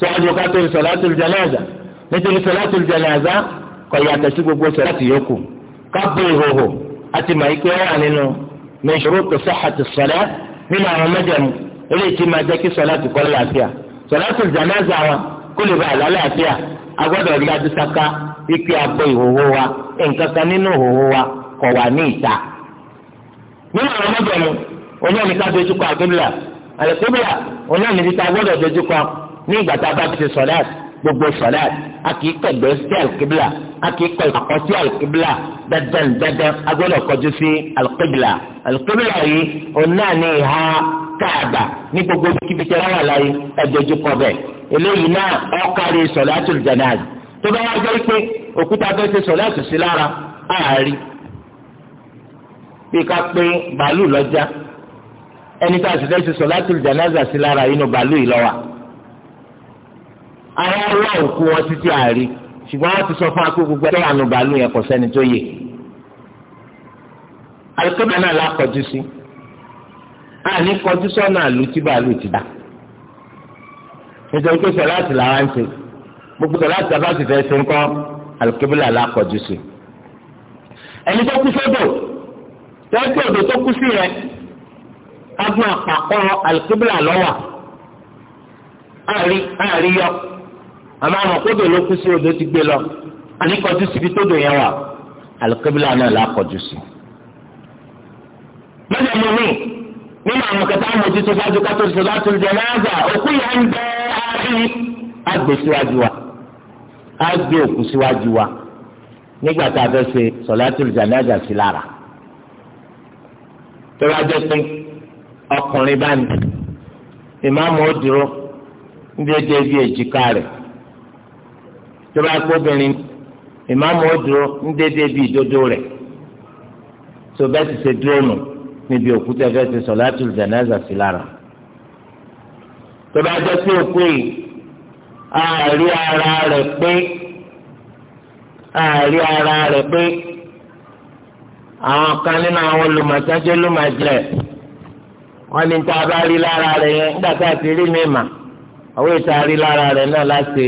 sọ́wọ́dì ọ̀ká tó sọ̀láàtì jánásà nítorí sọ̀láàtì jánásà kò yàtọ̀ sí gbogbo sọ̀láàtì yòókù ká bọ ìhòòhò àti màáyíkẹ́ wà nínú mẹ́sọ̀rọ̀ tó sàhàtì sọ̀lá nínú àwọn májẹ̀mú eléyìí ti máa jẹ́ kí sọ̀láàtì kọ́ láàfíà sọ̀láàtì jánásà wọn kó lè ba àlàáfíà a gbọ́dọ̀ rí adúsáká wípé abọ ìhòhò wa nǹkan kan nínú ìhòhò wa kò wà ní ìta. nínú àwọn ọmọbìnrin onáà ní ká dojúkọ àgbélà àlẹkùnbíà onáà ní títa gbọ́dọ̀ dojúkọ ní ìgbà tá a bá ti sọ̀láàt gbogbo sọ̀láàt a kì í kẹgbẹ́ sí àlùkìbílà a kì í kọ ìpàkọ́ sí àlùkìbílà dandan dandan a kọjú sí àlùkìbílà àlùkìbílà yìí onáà ní káàbà ní gbogbo kíbi tẹ́lá wà láyé ẹ̀ dojúkọ bẹ́ẹ̀. eléyìí náà ọ̀kárí sọ̀láàtù janaza tó bá wá jẹ́ pé òkúta fẹ́ sọ̀láàtù sí lára àárí ká pé bàálù lọ́jà ẹni tá a sì fẹ́ ṣe sọ̀láàtù janaza sí lára inú bàálù yìí àwọn wọn títí àárí ṣùgbọ́n wọ́n ti sọ fún akó gbogbo ẹ̀rọ àánú bàálù yẹn kò sẹ́ni tó yẹ. náà kọjú nítorí pé sọláàtì làwọn ń ṣe gbogbo sọláàtì tá a bá sì fẹ́ ṣe ń kọ́ alùkébílà làkọ̀jú sí. ẹni tó kú sódò tẹ́tí odò tó kú sí yẹn agbọn àpapọ̀ alùkébílà lọ́wà àárín yọ àmọ́ àwọn kódò ló kú sí odò ti gbé lọ àníkọ̀jú síbi tódò yẹn wà alùkébílà náà làkọ̀jú sí. lọ́jọ́ mi ní nínú àwọn kẹta àmójútó sáájú kátó sọláàtì jánásà òkú yẹn ń bẹ́ẹ̀ sí àgbè síwájú wa àgbè òkú síwájú wa nígbà tá a fẹ́ ṣe sọ̀látùl jánásà sí lára tó bá jẹ́ pé ọkùnrin bá ní ìmáàmù ó dúró níbi ẹjẹ bíi èjìká rẹ̀ tó bá kó obìnrin ìmáàmù ó dúró níbi ẹjẹ bíi ìdodo rẹ̀ tó bẹ́ẹ̀ ti ṣe dúró nù níbi òkú tẹ́fẹ́ ṣe sọ̀látùl jánásà sí lára tó bá jẹ́ pé òkú yìí àárí ara rẹ̀ pé àárí ara rẹ̀ pé àwọn kan nínú àwọn olùmọ̀tánjẹ́ ló máa jẹ wọ́n ní tá a bá rí lára rẹ̀ yẹn nígbà tá a ti rí mi mà àwọn ètò àrí lára rẹ̀ náà láti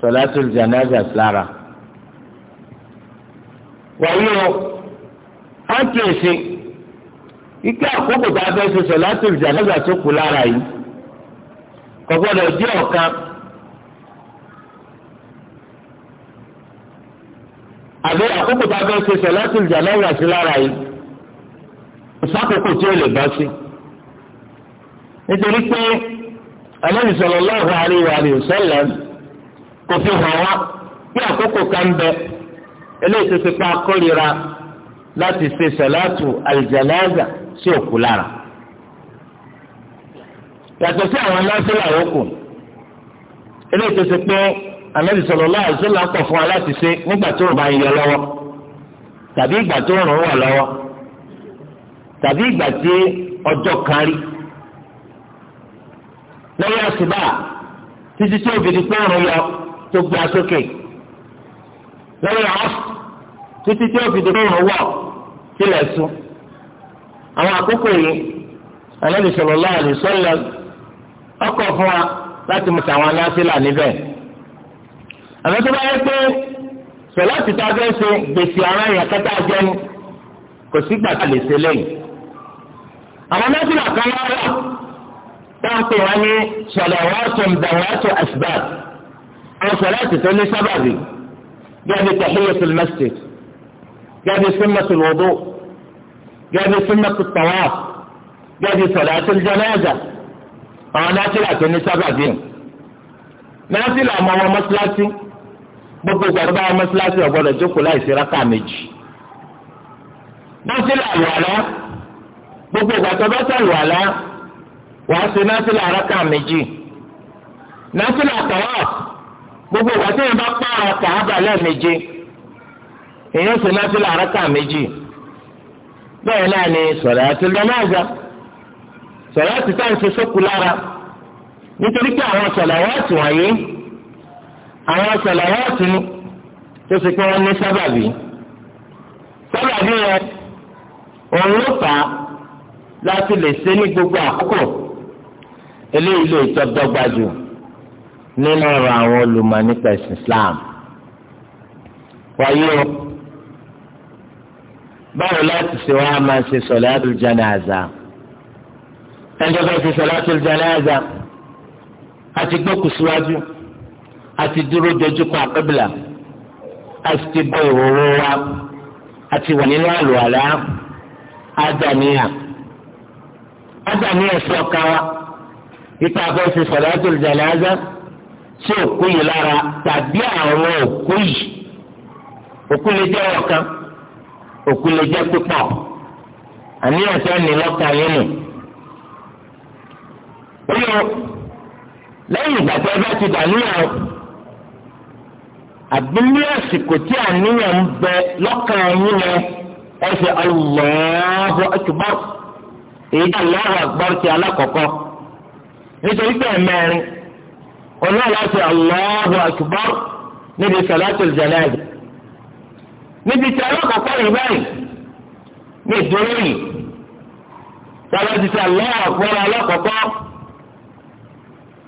sọ̀látùl jánásà lára. wàyí o wọ́n kì í ṣe ike àkókò tá a fẹ́ ṣe sọ̀látùl jánásà tó kù lára yìí kò gbọ́dọ̀ di ọ̀kan àbí àkókò tá a fẹ́ ṣe sọ̀láṣì ìjàlọ́wọ́ àti lára yìí ìsàkókò tí ó lè bá sí nítorí pé Ànábì sallallahu alaihi wa sallam kò fi hàn wá bí àkókò kan bẹ eléyìí tó ti pa kórìíra láti ṣe sọ̀láṣì àlìjàláza sí òkú lára yàtọ̀ sí àwọn násìlà òkú eléyìí tó ṣe pé anabi sọlọ lọ àti sọlọ akọ fún wa láti ṣe nígbà tó rùn bá ń yọ lọ́wọ́ tàbí ìgbà tó rùn wà lọ́wọ́ tàbí ìgbà tí ọjọ́ kan rí lẹ́yìn àṣìbá títí tí òbídi pé òrùn yọ tó gbà sókè lẹ́yìn títí tí òbídi pé òrùn wọ̀ sílẹ̀ sùn àwọn àkókò yìí anabi sọlọ lọ sọlọ. ọkọ̀ fún wa láti mọ̀ sàwọn aláṣẹ́là níbẹ̀. àmọ́ tó bá yẹ pé sọ̀lá ti ta fẹ́ ṣe gbèsè ara ìyá kẹta jẹ́ ní kò sí gbàgbà lè ṣe lẹ́yìn. àwọn mẹ́tìlá kan wá wà pè wá ní sọ̀lá wá tó ń bẹ̀ wá tó asbab àwọn sọ̀lá ti tó ní sábàbí gẹ́gẹ́ tahiyyatul masjid gẹ́gẹ́ sunnatul wudu gẹ́gẹ́ sunnatul tawaf gẹ́gẹ́ jẹ́ janaza. àwọn násìlà tó ní sábàbí nù násìlà ọmọ wọn mọ́sálásí gbogbo ìgbàdàn bá wọn mọ́sálásí ọ̀gbọ́dọ̀ jókòó láìsí rákà méjì násìlà àlùwàlá gbogbo ìgbàdàn bá sàlùwàlá wàá ṣe násìlà rákà méjì násìlà tawaf gbogbo ìgbàdàn yẹn bá pààrọ̀ kàábà lẹ́ẹ̀méje èèyàn ṣe násìlà rákà méjì bẹ́ẹ̀ náà ni sọ̀rọ̀ àti lọ́mọ́ àgbà sọlá ti tá à ń ṣe sókù lára nítorí pé àwọn sọlàwọ́ọ̀tì wọ̀nyí àwọn sọlàwọ́ọ̀tì tó ṣe pé wọ́n ní sábàbí sábàbí yẹn òun ló fà á láti lè ṣe ní gbogbo àkókò eléyìí lè tọ́dọ́gba jù nínú ọ̀rọ̀ àwọn olùmọ̀ nípa ẹ̀sìn Islam wáyé o báwo láti ṣe wá máa ṣe sọlá àdújá náà àzá ẹnjọ́ bẹ́ẹ̀ ti sọ̀láàtì jánásà àti gbókù síwájú àti dúró dojú kọ àkébìlà àti ti bọ́ ìhòòhò wa àti wà nínú àlùwàlá àdàníyà àdàníyà sí ọkà wa ipa bẹ́ẹ̀ ti sọ̀láàtì jánásà sí òkú yìí lára tàbí àwọn òkú yìí òkú lè jẹ́ ọ̀kan òkú lè jẹ́ pípọ̀ àníyàn sẹ́ni lọ́kàn yín nù. orí o lẹ́yìn ìgbà tí ẹ bá ti dà níyàn àsìkò tí àníyàn ń bẹ lọ́kàn yín yẹn ẹ ṣe Allahu akbar èyí tí Allahu ti alákọ̀ọ́kọ́ nítorí pé ẹ̀mẹ́rin ọlọ́ọ̀lá ṣe níbi salatul janaza níbi tí alákọ̀ọ́kọ́ yìí báyìí ní ìdúró yìí ti alákọ̀ọ́kọ́.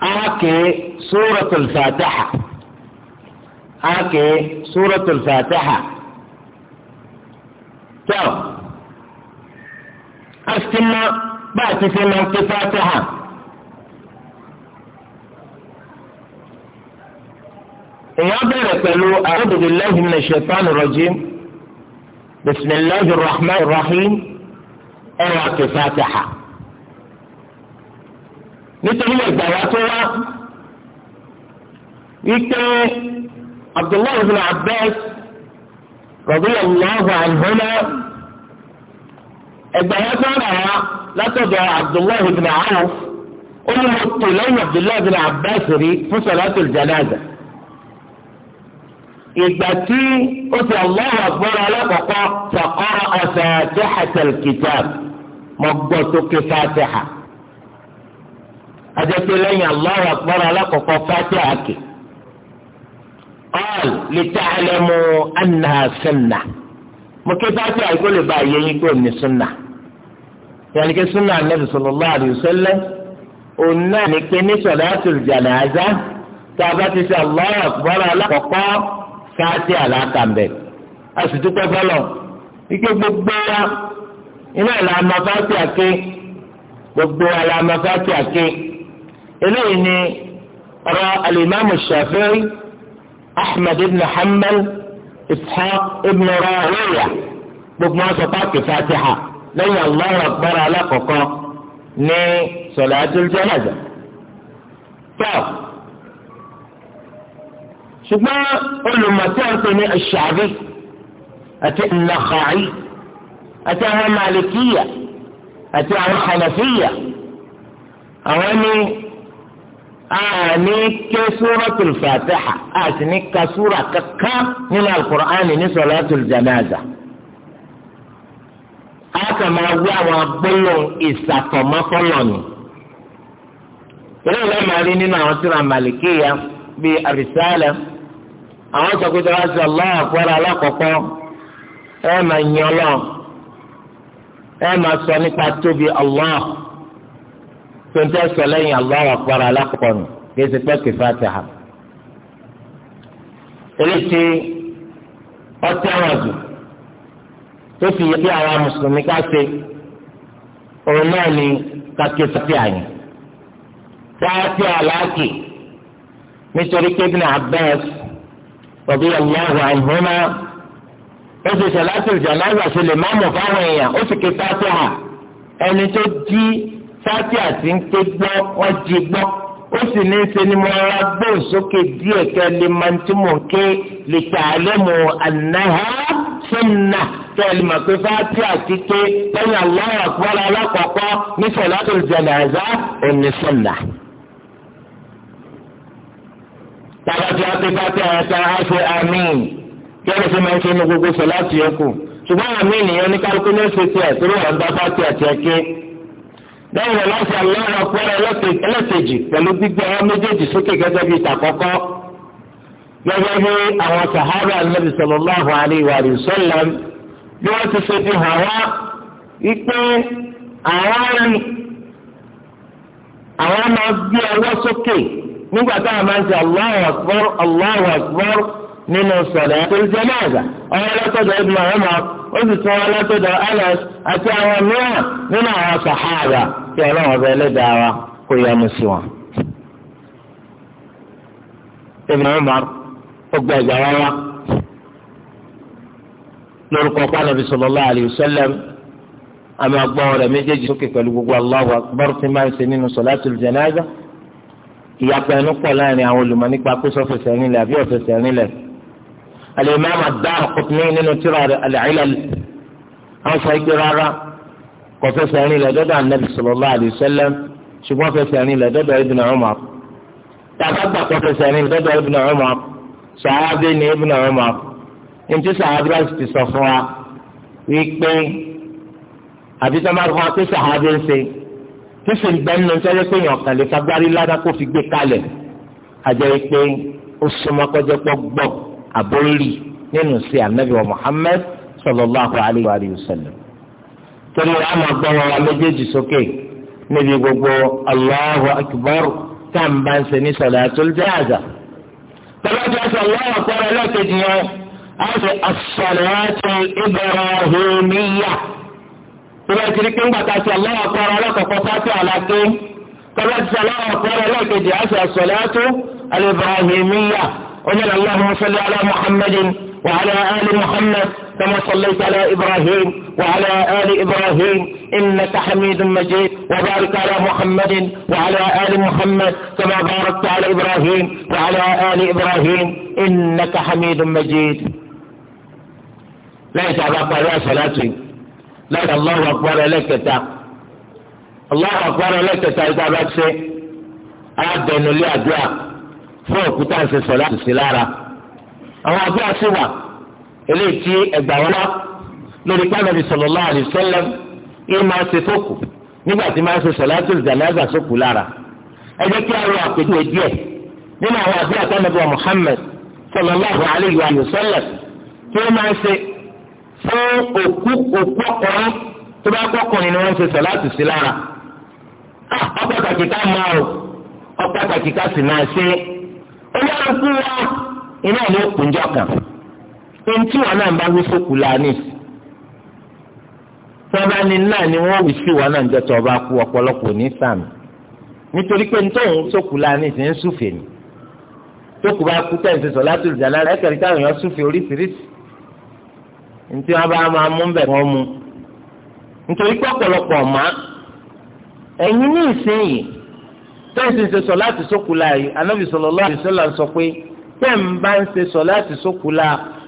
آكي سورة الفاتحة آكي سورة الفاتحة تو أستنى بات في منطقة فاتحة يابر قالوا أعوذ بالله من الشيطان الرجيم بسم الله الرحمن الرحيم أراك فاتحة nítorí ìgbà wa tó wá wípé abdullahi ibn abbas radiyallahu anhuma ẹgbà wa tó rà wá látọ̀dọ̀ abdullahi ibn ahu ó ní mo tò lẹ́yìn abdullahi ibn abbas rí fún salatul janaza ìgbà tí ó ti Allahu àgbọ̀rọ̀ alákọ̀ọ́kọ́ ọ̀sẹ̀ faqara fatihatal kitab mọ̀gbọ́sókè fatiha. ajẹ́pẹ́ lẹ́yìn Allahu Akbar alákọ̀ọ́kọ́ Fatiha àkè qal lita'lamu annaha sunnah mo ké Fatiha àìkó lè ba àyè yín pé òní sunnah yàrá ké sunnah Ànábì sallallahu alayhi wa sallam òun náà ní pé ní salatul janaza allah a bá ti sẹ Allahu Akbar alákọ̀ọ́kọ́ a ike gbogbo gbogbo إليني رأى الإمام الشافعي أحمد بن حنبل إسحاق بن راوية بقما سطاك فاتحة لأن الله أكبر على قوقا ني صلاة الجنازة ف شبا قلوا ما تعطني الشعبي أتي النخعي أتاها مالكية أتاها حنفية أواني àní ké súrọ́tù fàtẹ́hà àti ní ka súrà kankan nínú alukur'ani ní sọ̀látù janaza. a kà máa wí àwọn agbóhùn ìsàtọ̀mọ́fọ́lọ́nù. ìrẹ́lẹ̀ máa rí nínú àwọn tíra màlìkíyà bíi àrísàlẹ̀ àwọn sọ pé tí wọ́n sọ alákọ̀ọ́kọ́ ẹ máa yan ẹ máa sọ nípa tóbi Allah tonti ọsọ lẹ́yìn Allahu Akbar alákọ̀ọ́kọ́ nù kí ẹsẹ pẹ́ kẹfà tẹ̀ ha. eléyìí ọtí àwọn àjò tó fi yẹ kí àwọn mùsùlùmí ká ṣe òun náà ni ká ké sọ́tì àyìn. sáàtì àlàákì nítorí kébìnà Abbas radiyallahu anhuma ó ṣe láti ìjà náà ṣe lè má mọ̀ fáwọn èèyàn ó sì ké sọ́tì à ẹni tó jí sáàtì àti ń ké gbọ́ wọ́n jí gbọ́ ó sì ní í ṣe ni mo rà gbóòn sókè díẹ̀ kẹ́ lè máa ń tí mò ń ké lè tà á lẹ́mu ànáhà sunna kẹ́ lè mà pé sáàtì àti ké lẹ́yìn Allahu Akbar alákọ̀ọ́kọ́ ní salatul janaza òní sunna. tàbá tí wọ́n ti bá tẹ ẹ̀ka ṣe àmín kí wọ́n máa ń ṣe ní gbogbo sọ̀láàtì yẹn kù ṣùgbọ́n àmín nìyẹn ní kálukú ní lẹ́yìn rẹ̀ láti alára pẹ́rẹ́ ẹlẹ́sẹ̀jì pẹ̀lú gbígbé ọwọ́ méjèèjì sókè gẹ́gẹ́ bí ìtàkọ́kọ́ gẹ́gẹ́ bí àwọn sàhábà nàbì sallallahu alaihi wa sallam bí wọ́n ti ṣe fi hàn wá wípé àwọn rìn àwọn máa gbé ọwọ́ sókè nígbà táwọn máa ń ṣe Allahu akbar Allahu akbar nínú salatul janaza ọwọ́ látọ̀dọ̀ Ibn Umar ó sì tún ọwọ́ látọ̀dọ̀ Anas àti àwọn mìíràn nínú àwọn sàhábà. kí ọlọ́run ọba ẹlẹ́dàá wa kó mu sí wọn. Ibn Umar ó gba ẹ̀gbà wá wá lórúkọ pàlọ́bí sallallahu alayhi wa sallam àmì agbọ́n rẹ̀ méjèèjì sókè pẹ̀lú gbogbo aláwọ̀ akbar tí máa ń ṣe nínú sọlá salatul janaza ìyapa ẹnu pọ̀ láàrin àwọn olùmọ̀ nípa pé sọ́fẹ̀sẹ̀ nílẹ̀ àbí ọ̀fẹ̀sẹ̀ nílẹ̀ al-imam ad-Daraqutni nínú tírà al-Ilal àwọn sọ ike rárá kò fẹsẹ̀ rìn lọ dọ́dọ̀ anabi sallallahu alaihi wasallam ṣùgbọ́n fẹsẹ̀ rìn lọ dọ́dọ̀ ibn Umar tàbá gbà kò fẹsẹ̀ rìn dọ́dọ̀ ibn Umar sàábé ni ibn Umar ntí sàábé bá ti sọ fún wa wípé àbí sọ ma fún wa pé sàábé ń ṣe tí sì ń bẹ́ nínú sẹ́yẹ́ pé yàn kàn lè fagbárí ládàá kó fi gbé kalẹ̀ àjẹ́ pé ó súnmọ́ kọjá pọ̀ gbọ́ àbórí nínú sí anabi wa Muhammad sallallahu alaihi wa sallam torí rẹ̀ àmọ́ gbọ́n wọn méjèèjì sókè níbi gbogbo Allahu Akbar tá à ń bá ń ṣe ní salatul janaza. tọ́lájú ẹsẹ̀ Allahu Akbar ẹlẹ́kejì yẹn á ṣe as-salatu Ibrahimiyya. tọ́lájú rí pé ńgbà tá a ṣe Allahu Akbar ẹlẹ́kọ̀ọ́kọ́ sátì àlàké tọ́lájú ṣe Allahu Akbar ẹlẹ́kejì á ṣe as-salatu al-Ibrahimiyya. وجل اللهم صل على محمد وعلى آل محمد كما صليت على إبراهيم وعلى آل إبراهيم إنك حميد مجيد وبارك على محمد وعلى آل محمد كما باركت على إبراهيم وعلى آل إبراهيم إنك حميد مجيد لا يتعبق على صلاتي لا الله أكبر لك تا الله أكبر لك تا يتعبق سي أعدنا لي أدعى فوق تنسي صلاة السلاله أو أدعى سوى eléyìí tí ẹgbà wá lórí pàdánù sallallahu alaihi wasallam yìí máa ṣe fókù nígbà tí máa ṣe sọ̀láṣẹ́ ìdàlágà sókù lára ẹ jẹ́ kí a rọ àpèjúwe díẹ̀ nínú àwọn àbí àtàlẹ́bọ̀ Muhammad sallallahu alaihi wasallam tí ó máa ń ṣe fún òkú òkú ọkùnrin tó bá kọkùnrin ni wọ́n ń ṣe sọ̀láṣẹ́ sí lára ọ̀pọ̀tàkì ah, ká máa o ọ̀pọ̀tàkì ká sì máa ṣe é ó yára kú wa iná ló kùnjọ́ kan ohun tí wọn náà bá wí sókù lánì tọ́ba ni náà ni wọ́n wí sí wọn náà jẹ́ tọ́ ọba kú ọ̀pọ̀lọpọ̀ ní sàmì nítorí pé nítorí sókù lánì ti ń súfè ní tókù bá kú tẹ̀sí sọ láti ìjà náà ẹ̀kẹ́rì táwọn èèyàn súfè oríṣiríṣi ntí wọn bá máa mú bẹ̀ wọ́n mu nítorí pé ọ̀pọ̀lọpọ̀ ọ̀ma ẹ̀yin ní ìsinyìí tẹ́sí ṣe sọ láti sókù láàyè anábì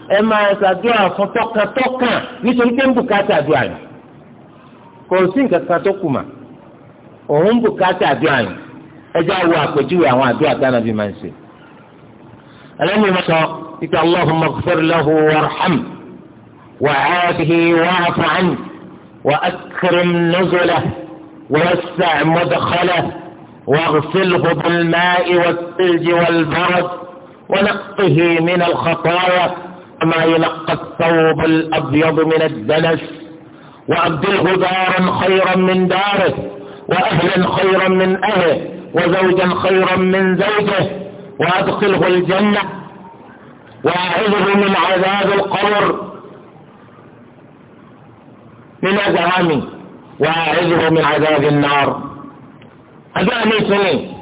ẹ máa ṣàdúrà fún tọkàntọkàn nítorí pé ń bùkátà àdúrà yìí kò sí nǹkan kan tó kù mà òun ń bùkátà àdúrà yìí ẹ já wo àpèjúwe àwọn àdúrà táwọn àbí máa ń ṣe. ẹlẹ́ni ma sọ ike allahumma ighfir warham wa aadihi wa'fu anhu wa akrim nuzulahu wa wassa' madkhalahu واغسله بالماء والثلج والبرد ونقه من الخطايا كما يلقى الثوب الأبيض من الدنس وأبدله دارا خيرا من داره وأهلا خيرا من أهله وزوجا خيرا من زوجه وأدخله الجنة وأعذه من عذاب القبر من أزهامي وأعذه من عذاب النار أدعني سنين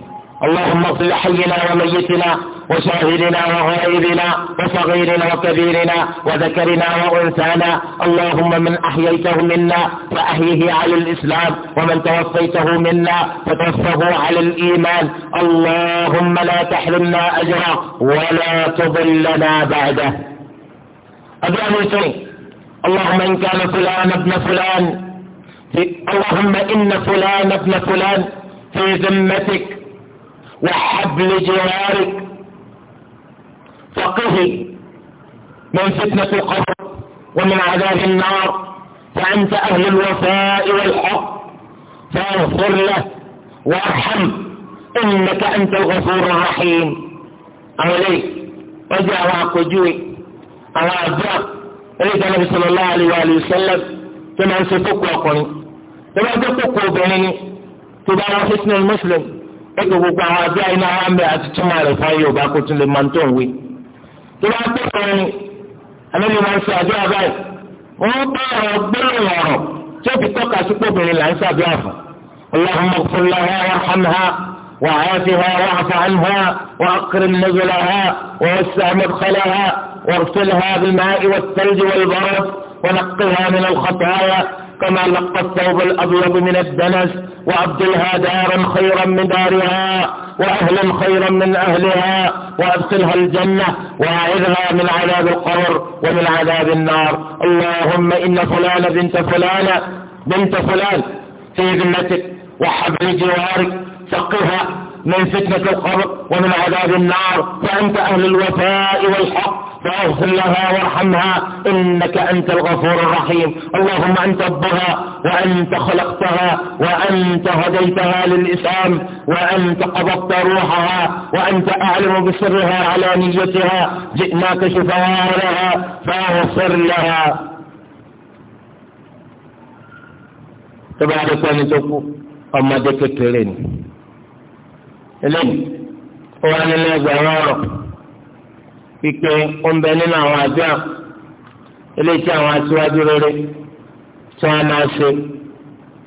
اللهم اغفر حينا وميتنا وشاهدنا وغائبنا وصغيرنا وكبيرنا وذكرنا وأنثانا اللهم من أحييته منا فأحيه على الإسلام ومن توفيته منا فتوفه على الإيمان اللهم لا تحرمنا أجره ولا تضلنا بعده أبراني موسى اللهم إن كان فلان ابن فلان اللهم إن فلان ابن فلان في ذمتك وحبل جوارك فقه من فتنة القبر ومن عذاب النار فأنت أهل الوفاء والحق فاغفر له وارحم إنك أنت الغفور الرحيم أولي وجاء واقجوي أوازع إليك النبي صلى الله عليه وآله وسلم كما أنسفك وقني كما أنسفك وقني تبارى فتن المسلم إذا هو بعد جاء إلى عام بعد تمارس tó bá tẹ̀kọ̀ ni alẹ́ni máa ń ṣe àdúrà báyìí wọ́n bá ọ̀rọ̀ gbólóhùn ọ̀rọ̀ tí ó fi tọ́ka sí pòbìnrin là ń ṣàdúrà fún Allahumma ighfir laha warhamha وعافها واعف عنها وأكرم نزلها ووسع مدخلها واغسلها بالماء والثلج والبرد ونقها من الخطايا كما لقى الثوب الأبيض من الدنس وأبدلها دارا خيرا من دارها وأهلا خيرا من أهلها وأدخلها الجنة وأعذها من عذاب القبر ومن عذاب النار اللهم إن فلان بنت فلان بنت فلان في ذمتك وحبل جوارك فقها من فتنة القبر ومن عذاب النار فأنت أهل الوفاء والحق فاغفر لها وارحمها إنك أنت الغفور الرحيم اللهم أنت ربها وأنت خلقتها وأنت هديتها للإسلام وأنت قبضت روحها وأنت أعلم بسرها على نيتها جئناك شفاء لها فاغفر لها تبارك وتعالى أما kékeré ni eléyìí ó wá nínú ẹgbẹ̀rún ọ̀rọ̀ pípé ó ń bẹ nínú àwọn àdúrà eléyìí tí àwọn aṣíwájú rere tí wọ́n máa ṣe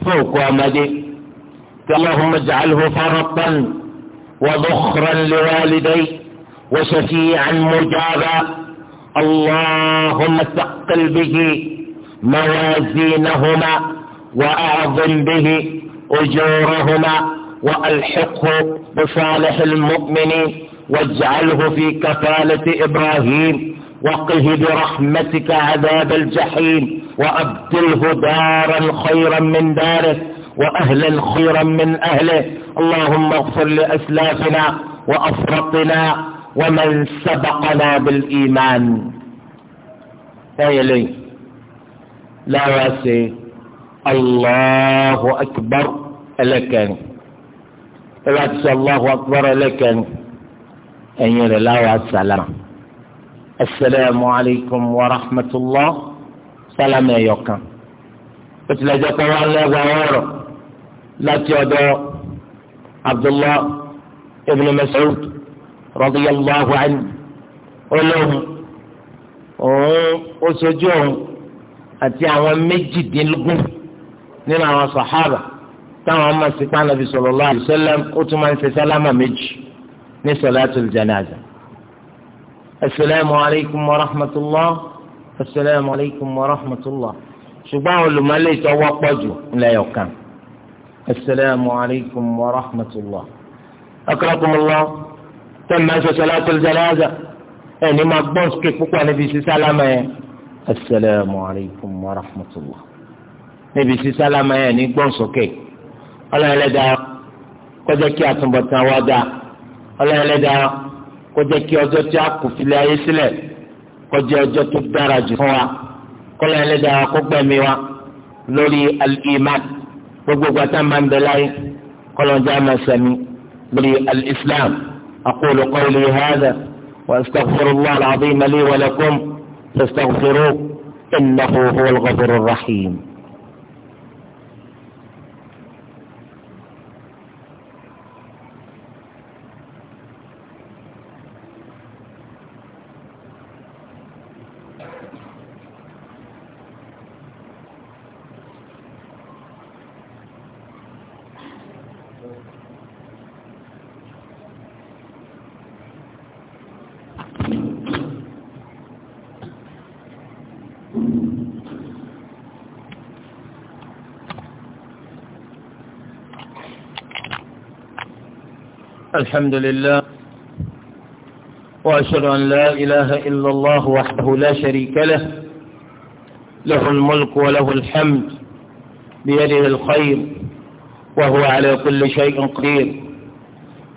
fún òkú ọmọdé tí Allahumma ij'alhu faratan wa dhukhran liwalidayhi wa shafi'an mujaba Allahumma thaqqil bihi mawazinahuma wa a'zim bihi ujurahuma. وألحقه بصالح المؤمن واجعله في كفالة إبراهيم وقه برحمتك عذاب الجحيم وأبدله دارا خيرا من داره وأهلا خيرا من أهله اللهم اغفر لأسلافنا وأفرطنا ومن سبقنا بالإيمان فيلي لا واسي الله أكبر لك bẹ́ẹ̀ bá ti sọ Allahu Akbar ẹlẹ́kẹ̀rin ẹ̀yin rẹ̀ láwọn asàlámà asalaamu alaykum wa rahmatulah sálámà ẹ̀yọ̀kan ó tilẹ̀ wà pé wọ́n lẹ́gbàá ọ̀rọ̀ láti ọ̀dọ̀ Abdullah ibn Mas'ud radiyallahu anhu olóhùn òun ó sojú òun àti àwọn méjìdínlógún nínú àwọn sàhábà. táwọn ọmọ sípà nàbì lọ alaihi wasallam ó tún máa ń ṣe sálámà méjì ní sọlá salatul janaza. asalaamu alaykum wa rahmatulah asalaamu alaykum wa rahmatulah ṣùgbọ́n àwọn olùmọ̀lẹ́ ìtọ́wọ́ pọ̀ jù ńlẹ́yọ̀ kan asalaamu alaykum wa rahmatulah. akrakumullah tẹ́lẹ̀ máa ń ṣe salatul ẹ̀ ní ma gbọ́n sókè púpọ̀ níbi sí sálámà yẹn asalaamu alaykum wa rahmatulah níbi sí sálámà yẹn ní gbọ́n sókè. ọlọ́run ẹlẹ́dàá kó jẹ́ kí àtúbọ̀tán wa dáa ọlọ́run ẹlẹ́dàá kó jẹ́ kí ọjọ́ tí a kù filẹ̀ ayé sílẹ̀ kó jẹ́ ọjọ́ tó dára jù fún wa kọ́lọ́run ẹlẹ́dàá kó gbẹ̀mí wa lórí al-iman gbogbo gbàtà máa ń bẹ láyé kọ́lọ́run jẹ́ sẹ́mi lórí al-islam aqulu qawli hadha واستغفر الله العظيم لي ولكم فاستغفروه انه هو الغفور الرحيم الحمد لله وأشهد أن لا إله إلا الله وحده لا شريك له له الملك وله الحمد بيده الخير وهو على كل شيء قدير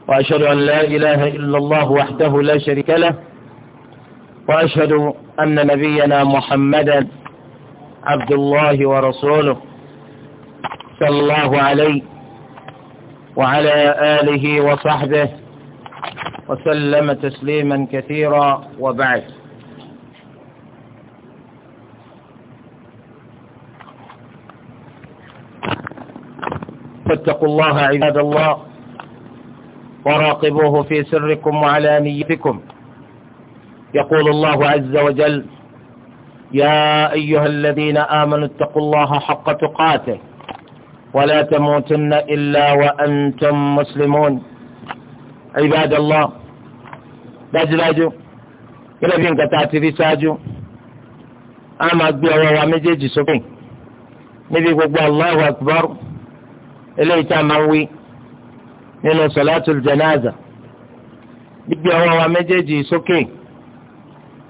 وأشهد أن لا إله إلا الله وحده لا شريك له وأشهد أن نبينا محمدا عبد الله ورسوله صلى الله عليه وعلى آله وصحبه وسلم تسليما كثيرا وبعد فاتقوا الله عباد الله وراقبوه في سركم وعلى نيتكم يقول الله عز وجل يا أيها الذين آمنوا اتقوا الله حق تقاته ولا تموتن إلا وأنتم مسلمون عباد الله dájúdájú kílẹ̀ bí nǹkan tá a ti rí ṣáájú a máa gbé ọwọ́ wa méjèèjì sókè níbi gbogbo Allahu Akbar eléyìí tá a máa ń wí nínú sọ̀látùl janaza gbígbé ọwọ́ wa méjèèjì sókè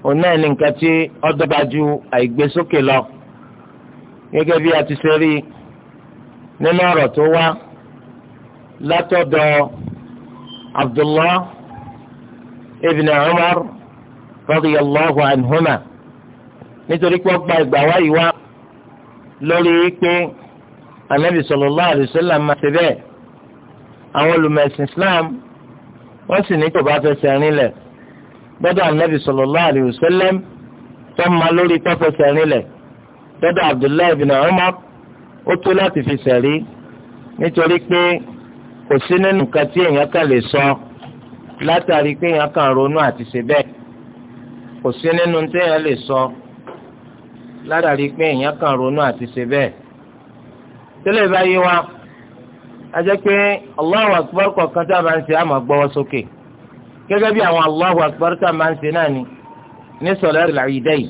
òun náà ní nǹkan tí ọdọ́bàjú àìgbésókè lọ gẹ́gẹ́ bí a ti ṣe rí i nínú ọ̀rọ̀ tó wá látọ̀dọ̀ abdullah ibn umar radiyallahu anhuma nítorí pé ó gba ìgbà wáyé wá lórí pé anabi sallallahu alaihi wasallam máa ṣe bẹ́ẹ̀ àwọn olùmẹ̀sìn islam wọ́n sì ní kò bá fẹsẹ̀ rinlẹ̀ gbọ́dọ̀ anabi sallallahu alaihi wasallam tó máa lórí tó fẹsẹ̀ rinlẹ̀ gbọ́dọ̀ abdullahi ibn umar. ó tó láti fi sẹ̀rí nítorí pé kò sí nínú nǹkan tí èèyàn kan lè sọ látàrí pé èèyàn kan ronú àti ṣe bẹ́ẹ̀ kò sí nínú tí èèyàn lè sọ látàrí pé èèyàn ronú àti ṣe bẹ́ẹ̀ tẹ́lẹ̀ báyìí wá ajẹ́ pé Allahu Akbar kọ̀ọ̀kan tá a máa ń ṣe àmọ́ gbọ́wọ́ sókè gẹ́gẹ́ bí àwọn Allahu Akbar tá a máa ń ṣe náà ni ní sọ̀lẹ́ dẹ́yìí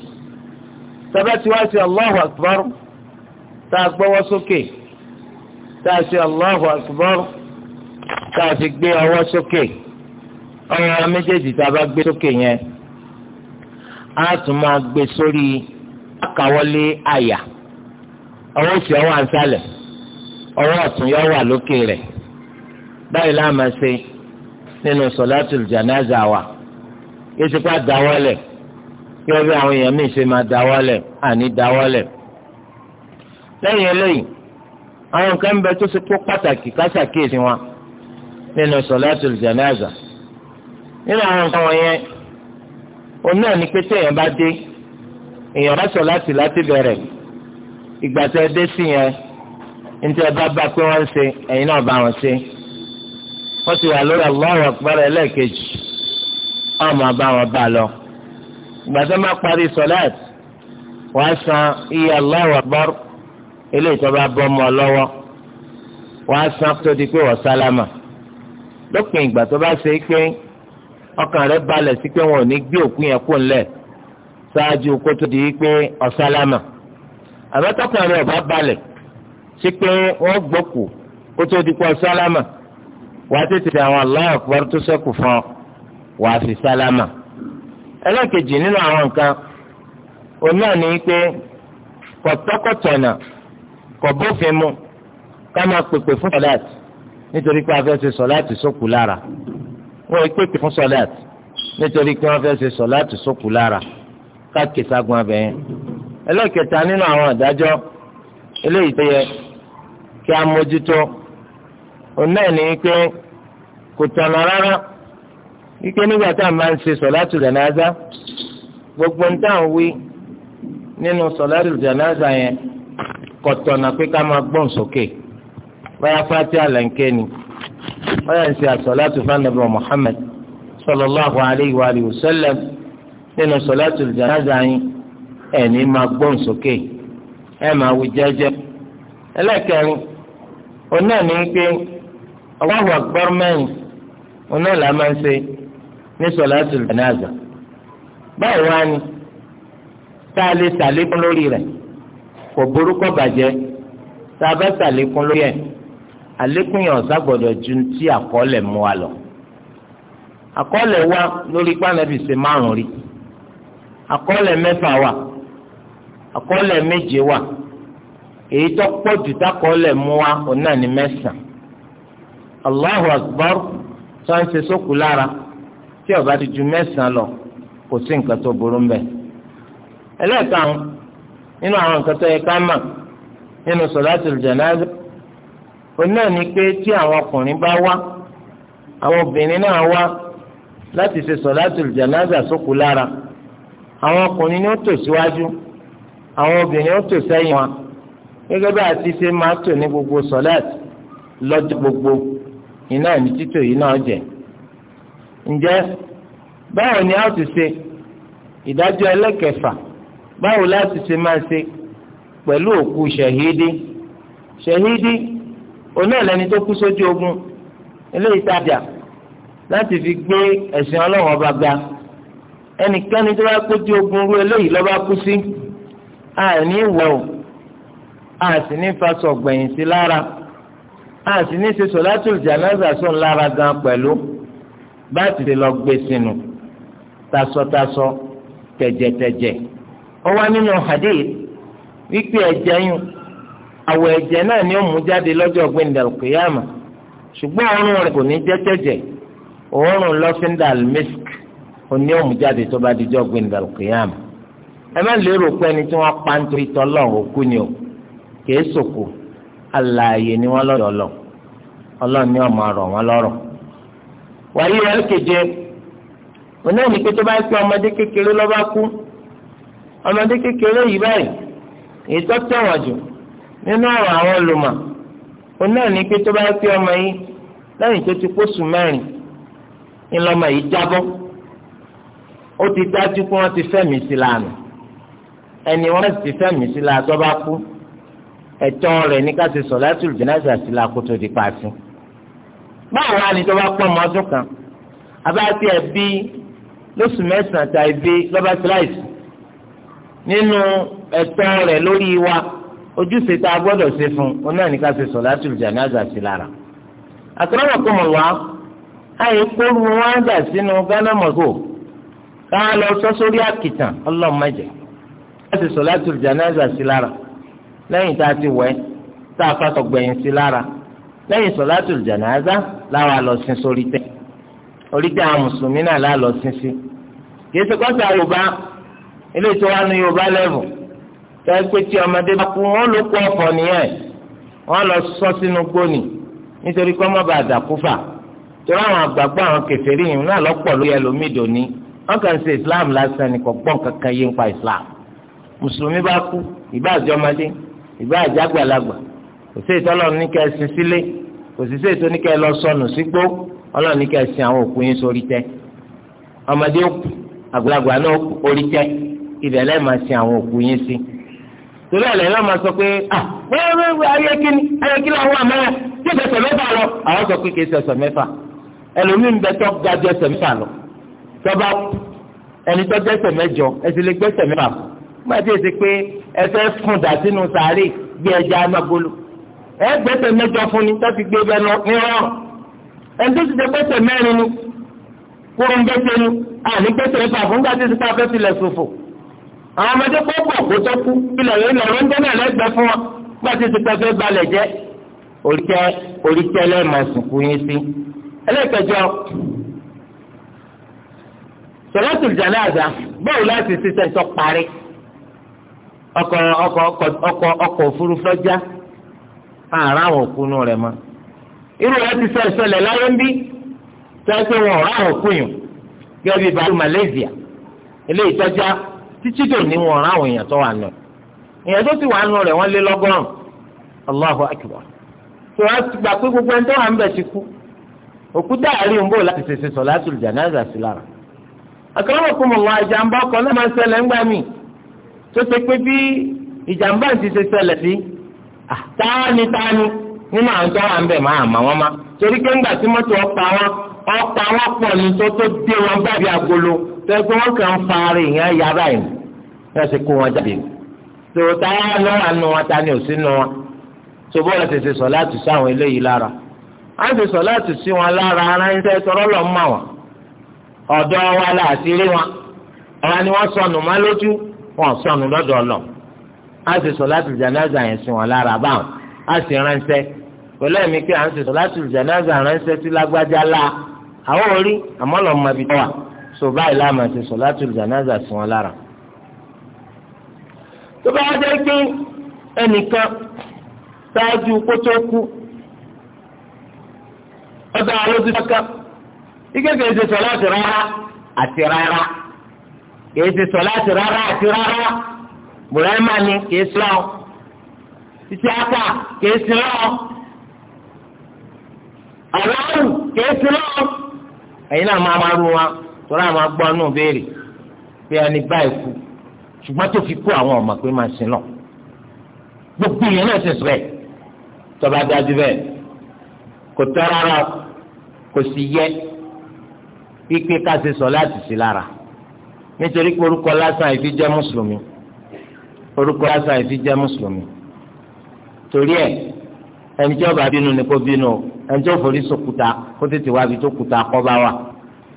tá a gbọ́wọ́ sókè tá a ṣe Allahu Akbar tá a fi gbé ọwọ́ sókè ọwọ́ méjèèjì tá a bá gbé sókè yẹn a tún máa gbé sórí àkàwọlé àyà ọwọ́ òsì ọwọ́ ànsálẹ̀ ọwọ́ ọ̀tún yọ wà lókè rẹ̀ báyìí la ṣe nínú sọ̀látùl jànáza wa yóò ti pa dáwọ́lẹ̀ kí wọ́n bí àwọn èèyàn míì ṣe máa dáwọ́lẹ̀ àní dáwọ́lẹ̀ lẹ́yìn eléyìí àwọn nǹkan ń bẹ tó ṣe kó pàtàkì káṣàkíyèsí wọn nínú sọ̀látul janaza nínú àwọn nǹkan wọ̀nyẹn òun náà ni pé téèyàn bá dé èèyàn bá sọ láti láti bẹ̀rẹ̀ ìgbà tẹ́ dé sí yẹn níta bá bá pé wọ́n ń ṣe ẹ̀yin náà bá wọn ṣe wọ́n ti wà lórí Allahu Akbar ẹlẹ́ẹ̀kejì wọ́n máa bá wọn bá lọ ìgbà tẹ́ máa parí sọ̀láàtì wọ́n á san iye Allahu Akbar. eléyìí tó bá bọ́ ọmọ lọ́wọ́ wàá san tó di pé wọ́n sálámà lópin ìgbà tó bá ṣe pé ọkàn rẹ̀ balẹ̀ sí pé wọn ò ní gbé òkú yẹn kó ńlẹ̀ ṣáájú kó tó di pé ọ̀sálámà àbẹ́tọ́kàn rẹ̀ ọ̀bá balẹ̀ sí pé wọ́n gbókù kó tó di pé ọ̀sálámà wàá tètè àwọn aláwọ̀ akbar tó sẹ́kù fún ọ wàá fi sálámà ẹlẹ́kejì nínú àwọn nǹkan òun náà ní pé kọ̀tọ́kọ̀tọ̀ náà. kò bófin mu ká máa pèpè fún sọláàtì nítorí pé a fẹ́ ṣe sọláàtì sókù lára wọ́n pèpè fún sọláàtì nítorí pé wọ́n fẹ́ ṣe sọláàtì sókù lára ká kìsagun abẹ́yẹn ẹlẹ́kẹta nínú àwọn àdájọ́ eléyìí tó yẹ kí a mójútó ọ̀nà ní pé kò tọ̀nà rárá ike nígbà tá a máa ń ṣe sọ̀látù jànáza gbogbo ń tàn wí nínú sọ̀látù jànáza yẹn kọ̀tọ̀nà pé ká máa gbọ́n sókè báyà fati àlànkè ni báyà ń ṣe àsọ̀látù fanabu Muhammad sallallahu alayhi wa alihi wa sallam nínú sọ̀látù janaza yín ẹ̀ní máa gbọ́n sókè ẹ̀ máa wí jẹ́jẹ́ ẹlẹ́kẹ̀rin òun náà ní pé Allahu akbar mẹ́rin là máa ń ṣe ní sọ̀látù janaza báyìí wá ni tá a lè sàlékún lórí rẹ̀ kò burúkọ bàjẹ́ tá a bá sàlékún lórí ẹ̀ àlékún yẹn ọ̀sá gbọ́dọ̀ ju ti àkọọ́lẹ̀ mú wa lọ. àkọọ́lẹ̀ wa lórí pàǹdàbí ṣe márùn rí àkọọ́lẹ̀ mẹ́fà wà àkọọ́lẹ̀ méje wà èyí tó pọ̀ jù tákọọ́lẹ̀ mú wa òun náà mẹ́sàn-án. Allahu akbar tó ń ṣe sókù lára tí ó bá ti ju mẹ́sàn-án lọ kò sí nǹkan tó burú mbẹ́. ẹlẹ́ẹ̀kan nínú àwọn nǹkan tó yẹ ká mà nínú sọ̀látùl jánásà òun náà ni pé tí àwọn ọkùnrin bá wá àwọn obìnrin náà wá láti ṣe sọ̀látùl jánásà sókù lára àwọn ọkùnrin ni ó tò síwájú àwọn obìnrin ó tò sẹ́yìn wa gẹ́gẹ́ bá a ti ṣe máa tò ní gbogbo sọ̀látù lọ́jọ́ gbogbo iná ní títò yìí náà jẹ́ ǹjẹ́ báwo ni a ti ṣe ìdájọ́ ẹlẹ́kẹfà báwo láti ṣe máa ṣe pẹ̀lú òkú ṣẹ̀hídì ṣẹ̀hídì onáàlẹ́ni tó kú sójú ogun eléyìí tàjà láti fi gbé ẹ̀sìn ọlọ́run ọba ga ẹnikẹ́ni tó bá kójú ogun rú eléyìí lọ́ba kú sí àní ìwọ̀ o àti ní fasọ gbẹ̀yìn sí lára àti ní ṣe sọ̀látùl jánásà sùn lára gan pẹ̀lú bá ti lọ gbé sínú tasọtasọ tẹ̀jẹ̀tẹ̀jẹ̀. ọwọ́ nínú hadith wípé ẹ̀jẹ̀ yín àwọ̀ ẹ̀jẹ̀ náà ni ó mú jáde lọ́jọ́ gbẹ̀ndẹ̀ kìyàmà ṣùgbọ́n òórùn rẹ̀ kò ní jẹ́ tẹ̀jẹ̀ òórùn lọ́fíńdà misk ó mú jáde tó bá dijọ́ gbẹ̀ndẹ̀ kìyàmà ẹ má lérò pé ẹni tí wọ́n pa òkú ni o kìí sòkò ni wọ́n lọ́dọ̀ lọ ọmọ ọmọdé kékeré yìí báyìí ètò tẹ̀wọ̀n jù nínú ọ̀rọ̀ àwọn olùmọ̀ òun náà ní pé tó bá pé ọmọ yìí lẹ́yìn tó ti pósù mẹ́rin ńlọmọ yìí jábọ́ ó ti dájú pé wọ́n ti fẹ́mi sí lànà ẹni wọ́n sì ti fẹ́mi sí la tó bá kú ẹ̀tọ́ rẹ̀ ní ká ti sọ̀látùl jánásà sí la kó tó di paasi báwo wá ni tó bá pọ̀ ọmọ ọdún kan abáyé tí ẹ bí lóṣù mẹ́sàn-án tá ẹ nínú ẹ̀tọ́ rẹ̀ lórí wa ojúṣe tá a gbọ́dọ̀ ṣe fún un náà ní ká ṣe sọ̀látùl jánásà sí lára. akramakumullah àyè kóru wọn dà sínú ghana mọ̀gò ká lọ sọ sórí àkìtàn ọlọ́mọdé ká ṣe sọ̀látùl jánásà sí lára lẹ́yìn tá a ti wẹ̀ tá a fàtọ̀ gbẹ̀yìn sí lára lẹ́yìn sọ̀látùl jánásà láwa lọ sin sórí tẹ́ orí tẹ́ àwọn mùsùlùmí náà lá lọ sin sí kì í ṣe kọ́sà ilé tó wà ní yorùbá lẹ́vù tẹ́ pé tí ọmọdé bá kú wọ́n ló kú ọ̀fọ̀ nìyẹn wọ́n lọ sọ sínú gbóni nítorí pé ọmọ bá dàkú fà torí àgbàgbọ́ àwọn kẹfẹ́rì yìí náà lọ́pọ̀ ló yẹ lómi dòní kàn ṣe islam lásán ni kò gbọ́n kankan yé nípa islam mùsùlùmí bá kú ìbá àjọmọdé ìbá àjàgbàlagbà kò sí ìtọ́lọ́run ní kẹ́ ẹ sin sílé kò sí sí ètò ní kẹ́ ẹ lọ sọnù sígbó ọlọ́run ní kẹ́ ẹ sin àwọn òkú yín sórí tẹ́ ọmọdé òkú àgbàlagbà náà orí tẹ́ ibẹ̀ lẹ́ẹ̀ máa sin àwọn òkú yín sí torí ẹ̀ lẹ́yìn máa sọ pé ah wẹ́wẹ́wẹ́ ayékíní ayékíní àwọn àmọ́ra tí ìfẹsẹ̀ mẹ́fà lọ àwọn sọ pé kì í ṣe ẹsẹ̀ mẹ́fà ẹlòmíín bẹ tọ́ ga ju ẹsẹ̀ mẹ́fà lọ tọ́ba ẹni tọ́ jẹ́sẹ̀ mẹ́jọ ẹsẹ̀ lè gbẹ́sẹ̀ mẹ́fà má ti ṣe pé ẹ fẹ́ fún dà sínú sàárè gbé ẹja amágolo ẹ gbẹ́sẹ̀ mẹ́jọ fún ni tọ́sí gbé bẹ́ẹ̀ lọ ní rọrùn ẹni tó ti ṣe gbẹ́sẹ̀ mẹ́rin ni kúrò ń gbẹ́sẹ̀ ni àní gbẹ́sẹ̀ mẹ́fà fún gbàtí ti pa afẹ́filẹ̀ ṣòfò àwọn ọmọdé pọ́pọ̀ kó tó kú ilẹ̀ yìí lọ́rọ́ ń tẹ́lẹ̀ lẹ́gbẹ̀ẹ́ fún wọn gbà tí tìpẹ́ fẹ́ balẹ̀ jẹ́ oríkẹ́ oríkẹ́ lẹ́ẹ̀mọ̀sùnkú yín sí. ẹlẹ́kẹjọ sọlọ́tù jànáàzà báwo láti ṣiṣẹ́ sọ parí ọkọ̀ ọkọ̀ ọkọ̀ ọkọ̀ òfurufú já àárá àwọn òkúnú rẹ̀ mọ́ irú rẹ̀ ti sọ ìṣẹ̀lẹ̀ láyé ń bí tẹ́sí wọn ọ̀rá àwọn òkúnyùn gẹ́gẹ́ bí balu Malaysia ilé ìtọ́já títí dò ní wọn ráwọn èèyàn tó wà nù èèyàn tó ti wà nù rẹ̀ lé Allahu akbar tó wá gbà pé gbogbo ẹni tó wà ń ti kú òkúta àárín òun bò láti ṣèṣe solatul janaza sí lára akramakumullah ìjàmbá ọkọ̀ náà máa ń ṣẹlẹ̀ ńgbà mí tó ṣe pé bí ìjàmbá ti ṣe ṣẹlẹ̀ sí táni táni nínú àwọn tó wà ń bẹ̀ máa mà wọ́n má torí pé tẹ́gbọ́n wọn kàn ń fa ara èèyàn ya báyìí wọ́n sì kó wọn jáde tó táyà lọ́wọ́ àánú wọn ta ni ò sínú wọn tó bọ́ọ̀lù tètè sọ láti sí àwọn eléyìí lára wọ́n ti sọ láti sí wọn lára ara ń tẹ́ tọrọ lọ mọ́ wọn ọ̀dọ́ wa là sí rí wọn ọ̀rọ̀ ni wọ́n sọnù má lójú wọn sọnù lọ́dọ̀ ọ̀lọ́ a sì sọ láti jànáza yẹn sí wọn lára báwọn a sì ránṣẹ́ pẹ̀lú ẹ̀mí pé à ń sọ láti jànáza ránṣẹ́ sí lágbájá lá àwọn orí àmọ́ lọ́ọ́ mọ so báyìí láàmà ṣe solatul janaza sí wọn lára. tó bá jẹ́ pé ẹnìkan ṣáájú kó tó kú ọ̀dà àlọ́sí fọ́ká ìkékeré ṣe sọ̀láàtì rárá àti rárá kìí ṣe sọ̀láàtì rárá àti rárá bùrẹ́mà ni kìí sọ iṣẹ́ apá kìí sí lọ́wọ́ àlọ́rù kìí sí lọ́wọ́ ẹ̀yin náà máa máa rú wọn tọ́lá àwọn agbọ́n náà béèrè pé ẹni báyìí kú ṣùgbọ́n tó fi kú àwọn ọmọ pé máa sin lọ gbogbo ìyẹn náà sì sọ̀rọ̀ tọ́ba dájú bẹ́ẹ̀ kò tọ́ rárá kò sì yẹ pípé ká ṣe sọ láti sí lára nítorí pé orúkọ lásán ìfi jẹ́ mùsùlùmí orúkọ lásán ìfi jẹ́ mùsùlùmí torí ẹ ẹni tí ọba bínú ni kó bínú ẹni tí ó forí sókúta kó tètè wá ibi tó kúta kọ́ bá wà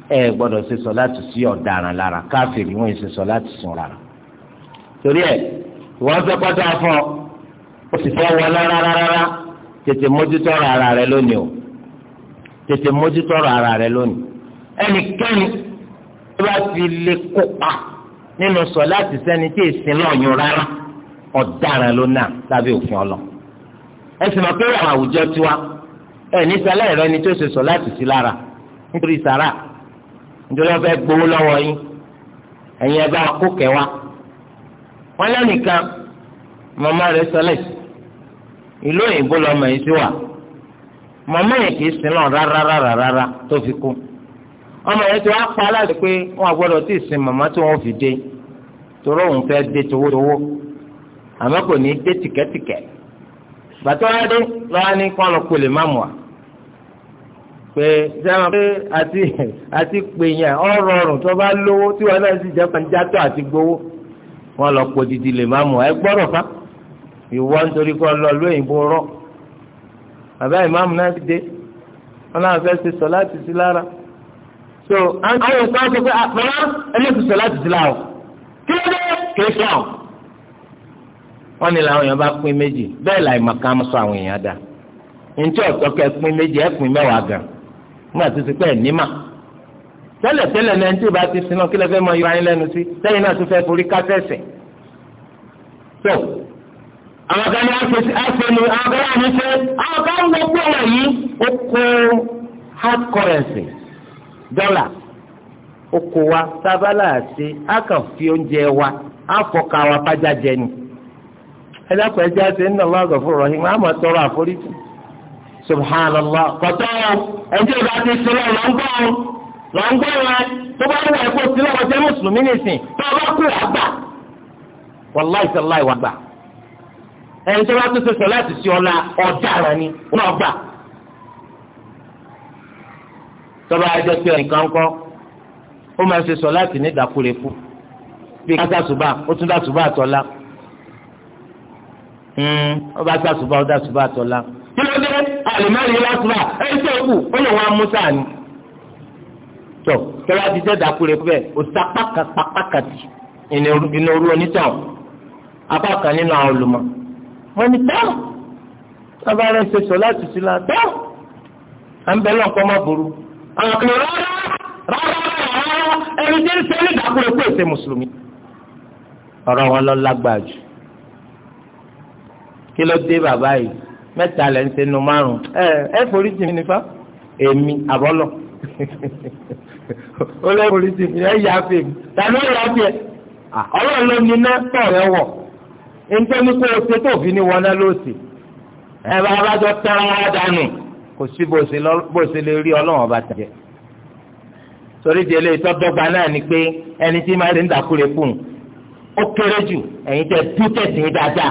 ẹ gbọ́dọ̀ ṣe sọ láti sí ọ̀daràn lára káfíìrì wọn ṣe sọ láti sùn rárá torí ẹ wọn fẹ́ pátá fún ọ ó sì fẹ́ wọlé rárá tètè mójútó ọ̀rọ̀ ara rẹ lónìí o tètè mójútó ọ̀rọ̀ ara rẹ lónìí ẹnikẹ́ni tó bá ti lè kópa nínú sọ láti sẹ́ni tí èsìn lọ́ọ̀yún rárá ọ̀daràn ló náà lábẹ́ òfin ọlọ ẹ sì mọ̀ pé àwọn àwùjọ tiwa ẹ ní sálẹ̀ rẹ ni tó ṣe sọ láti sí lára nítorí sàrà nítorí bẹ gbowó lọwọ yín ẹ̀yin ẹ bá kó kẹwa wọn lẹ́nìkan màmá rẹ̀ sọlẹ̀ ìlú òyìnbó lọ́mọ yìí sí wa yẹn kì í sin náà rárá rárá tó fi kú ọmọ yẹn ti wá pa láti pé wọn àgbọ́dọ̀ tí ì sin màmá tí wọn fi dé toró òun dé kò ní pé sẹ́wọ̀n pé àti àti pèyàn ọ̀rọ̀ ọ̀rùn tó bá lówó tí wọn náà sì jẹ́ pàǹjátó àti gbowó wọn lọ pò didi lè má mọ̀ ẹ gbọ́dọ̀ fa ìwọ nítorí kọ́ lọ lóyìnbó rọ bàbá ìmáàmù náà dé wọn náà fẹ́ ṣe sọ láti sí lára so àwọn ìsọ sọ pé àpẹẹrẹ ẹlẹ́sì sọ láti sí lára kí ló dé kìí sọ àwọn wọn ni làwọn èèyàn bá pín méjì bẹ́ẹ̀ láì màkà sọ àwọn èèyàn dá ntí ọ̀tọ́ kẹ́ pín méjì ẹ̀ pín mẹ́wàá gan-an. nígbà tó ti pẹ́ ẹ̀ náà ẹni tí ìbá ti sinú kí ayé lẹ́nu sí sẹ́yìn náà fẹ́ forí kásẹ̀sẹ̀ tó àwọn kan ní àfẹnu àwọn kan ní àwọn kan wọ̀nyí hard currency dọ́là wa sábàlá àti oúnjẹ wa wa jẹ ni ẹ dákun ẹ àti tọrọ àforíjì subhanallah kọtọ ẹjẹ bá ti sílẹ̀ lọgbọn lọgbọn rẹ tó bá wà ẹ̀kọ́ sílẹ̀ wọn jẹ mùsùlùmí nìsín tó bá kú àgbà wàláì sàláì wàgbà ẹni tó bá tó sọsọ láti sí ọlá ọ̀daràn ni wọn gbà tọba ẹjọ pé ẹnìkan kọ ó máa ń ṣe sọ láti ní ìdákúrekú bí ká sàṣùbà ó tún dàṣùbà àtọlá hmm, ó bá sàṣùbà ó dàṣùbà àtọlá alimari lásìlá ẹni tó kù ó lè wọn amúsà ni. tó kẹlá ti jẹ́ dàkúrẹ́ bẹ́ẹ̀ òsì apákàpákàtì ìnà òru onítàn apá kan nínú àwọn olùmọ̀ wọn ni dáhùn sábà rẹ̀ ṣe sọ láti sí la dáhùn à ń bẹ lọ́nkọ́ má burú àwọn kan rárá rárá rárá ẹni tí ń sẹ́ni dàkúrẹ́ pé èsè mùsùlùmí ọ̀rọ̀ wọn lọ lágbàá jù kí ló dé bàbá yìí mẹ́ta lẹ́ ń ṣe nu márùn ẹ ẹ forí jì mí nípa èmi àbọ́lọ̀ (laughs) ó lẹ́ forí jì mí ẹ yà fè mí tàbí ó yà fè ọlọ́run ló ní náà tọ̀ rẹ wọ̀ nítorí kó o ṣe tó fi ní wọná lóòsì ẹ bá abájọ tẹ́wọ́n wá dànù kò sí bó ṣe lè rí ọlọ́run ọba tẹ̀ torí di eléyìí tọ́dọ́gba náà ni pé ẹni tí máa ń dàkúrẹ́ fún un ó kéré jù ẹ̀yin tẹ́ dúkẹ́sì yín dáadáa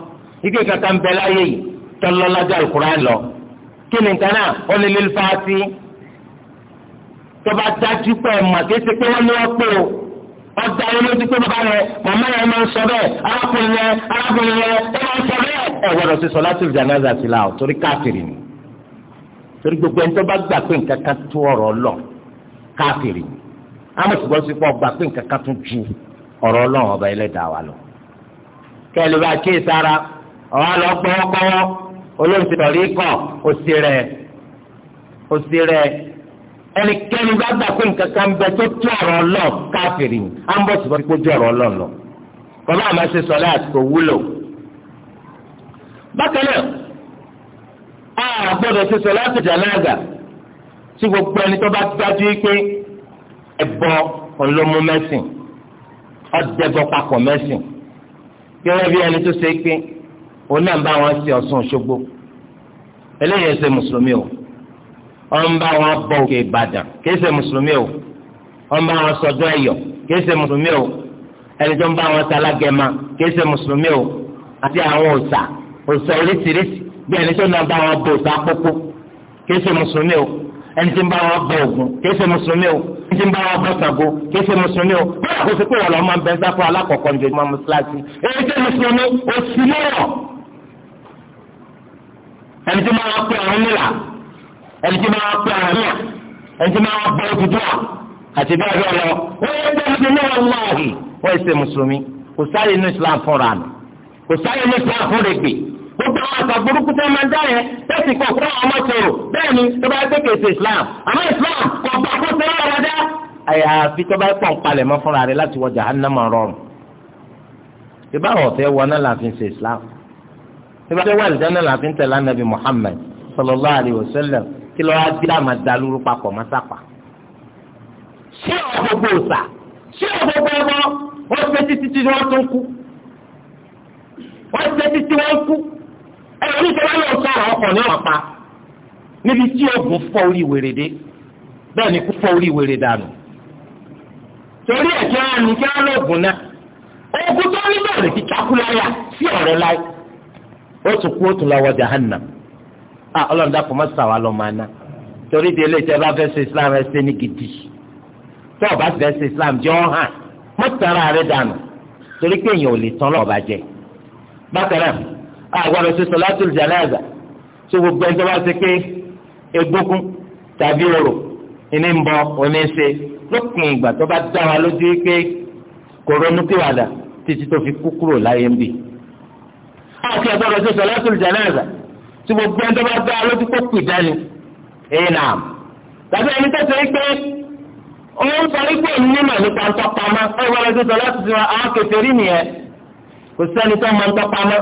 ike kaka ń bẹ láyé yìí tọ́lọ́lájà alukur'an lọ kí ni nǹkan náà ó lè lè fa sí tọ́ba dájú pé mà kése pé wọ́n ní wọ́n pé o ọjà yẹn ló ti pé bàbá rẹ màmá yẹn máa ń sọ bẹ́ẹ̀ arákùnrin yẹn arábìnrin yẹn ó máa ń sọ bẹ́ẹ̀. ẹ gbọ́dọ̀ sí sọlátù jánásà sí la ọ torí káfìrì ni torí gbogbo ẹni tó bá gbà pé nǹkan kan tó ọ̀rọ̀ lọ káfìrì ni amọ̀sibọ́ sí pọ̀ gbà pé nǹkan kan tó ju ọ̀rọ̀ Ọlọ́run ọba ẹlẹ́dàá wa lọ. kẹ́lẹ́ bá kíyèsára àwọn àlọ́ gbọ́wọ́gbọ́wọ́ olóòtú lọ́rí kọ̀ òsì rẹ̀ òsì rẹ̀ ẹnikẹ́ni bá gbà pé nǹkan kan bẹ tó tó ọ̀rọ̀ lọ káfìrì á ń bọ̀ sí pé kójú ọ̀rọ̀ lọ lọ bàbá àmọ́ ṣe sọ láti kò wúlò. bákan náà a gbọ́dọ̀ ṣe sọ láti jànáàgà tí gbogbo ẹni tó bá dájú pé ẹ̀bọ ọ̀lọ́mú mẹ́sìn ọ̀dẹ́bọ papọ̀ mẹ́sìn gẹ́gẹ́ bí ẹni tó ṣe pé òun náà ń bá wọn sí Ọ̀ṣun Òṣogbo eléyìí ẹsẹ mùsùlùmí o wọn ń bá wọn bọ òkè Ìbàdàn kì í ṣe mùsùlùmí o wọn ń bá wọn sọdún Ẹ̀yọ̀ kì í ṣe mùsùlùmí o ẹni tó ń bá wọn salágẹmà kì í ṣe mùsùlùmí o àti àwọn òòṣà òòṣà oríṣiríṣi bí ẹni tó náà bá wọn bọ òòṣà pópó kì mùsùlùmí o ẹni tí ń bá wọn bọ Ògún kì mùsùlùmí o ẹni tí ń bá wọn bọ Ṣàngó kì mùsùlùmí o báyà kó pé wọn lọ máa ń bẹ ẹni tí máa pẹ́ àwọn nílà ẹni tí máa pẹ́ àwọn nílà ẹni tí máa bọ́ òdùdú à àti bẹ́ẹ̀ bẹ́ẹ̀ lọ wọ́n yẹ kí ẹni náà wọ́n wáyé wọ́n ṣe mùsùlùmí kò sáyé inú Islam fúnra nù kò sáyé inú Islam fún rẹ̀gbẹ̀ gbogbo àwọn àgbà burúkú tó máa ń dá yẹn tẹ̀sí kọ̀ fún àwọn mọ́tòrò bẹ́ẹ̀ ni tó bá gbé kèsì Islam àmọ́ Islam kò bá kó sẹ́yìn ọ̀rọ̀ dá. àyàfi tó bá pọ̀ ń palẹ̀ mọ́ fúnra rẹ̀ láti wọ jahannama rọrùn. ìbáwọ̀ fẹ́ wọná làfin ṣe Islam nígbà tí wọ́n àlùjáná là fi ń tẹ̀lé anabi Muhammad sallallahu alayhi wa sallam kí lọ́wọ́ adé àmà dalúrú papọ̀ mọ́sápà. ṣé ọ̀gbọ̀gbọ̀ òòsà ṣé ọ̀gbọ̀gbọ̀ ẹ̀rọ wọ́n ṣe títí tí wọ́n tún kú wọ́n ṣe títí wọ́n kú ẹ̀rọ nítorí wọn sọ̀rọ̀ ọkọ̀ ní ọ̀pá níbi tí oògùn fọ́ orí wèrèdè bẹ́ẹ̀ ni kú fọ́ orí wèrè dànù torí ẹ̀jẹ̀ ó tún kú ó tún lọ wọ jahannam ah ọlọ́run dàpọ̀ mọ́ sàwà lọ́ máa ná torí di eléyìí bá fẹ́ ṣe islam ẹ ṣe ní gidi tó o bá fẹ́ ṣe islam jẹ́ ọ́ hàn mọ́ tẹ̀ra rẹ dànù torí pé èèyàn ò lè tán lọ́ọ̀bà jẹ bákan náà àgbàdo ṣe sọlátul janaza tó gbogbo ẹjọ́ bá ṣe pé egbókun tàbí orò ìní ń bọ òní ń ṣe lópin ìgbà tó bá dá wa lójú pé kòrónú kíwàdà títí tó fi kú kúrò láyé ń bì àti ẹgbọdọ ṣe sọlẹtùl jẹnẹza tí gbogbo ẹni tó bá a lójú kó pè dání ìnà tàbí ẹni tó ṣe é pé òun sọ wípé onímọ̀ nípa ntọ́pamọ́ ẹgbọdọ ṣe sọlẹtùl jẹnẹza àwọn kẹfẹ́rì nìyẹn kò sẹ́ni tó mọ ntọ́pamọ́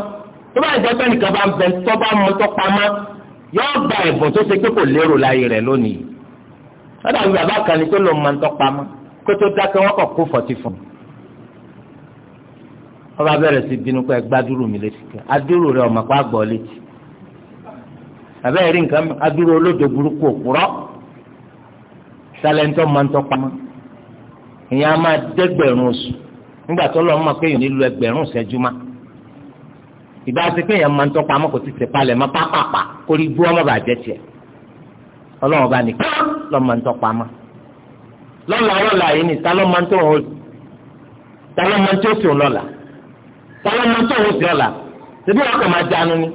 tó bá jẹ́ pé nìkan bá ń bẹ tó bá mọ ntọ́pamọ́ yóò gba ẹ̀bùn tó ṣe pé kò lérò láyé rẹ̀ lónìí. ọ̀dà mi bàbá kan ni tó lọ mọ ntọ́pamọ́ kó tó dákẹ́ wọ́n kọ̀ kó fọ́tí fún un. wọ́n bá bẹ̀rẹ̀ sí bínú pé gbadúró mi létí kan rẹ ọmọ pa gbọ́ létí rí nǹkan burúkú máa ń ìyẹn a máa dẹ́gbẹ̀rún oṣù nígbà tó lọ́ọ́ ẹgbẹ̀rún ìbá pé máa ń kò ti tẹ̀palẹ̀ mọ́ pápápá kó rí bú ọmọ bàjẹ́ tiẹ̀ bá nìkan lọ́ọ́ máa ń tọ́lá máa tó òun sí ọ̀la síbí wọn kò máa jánu ni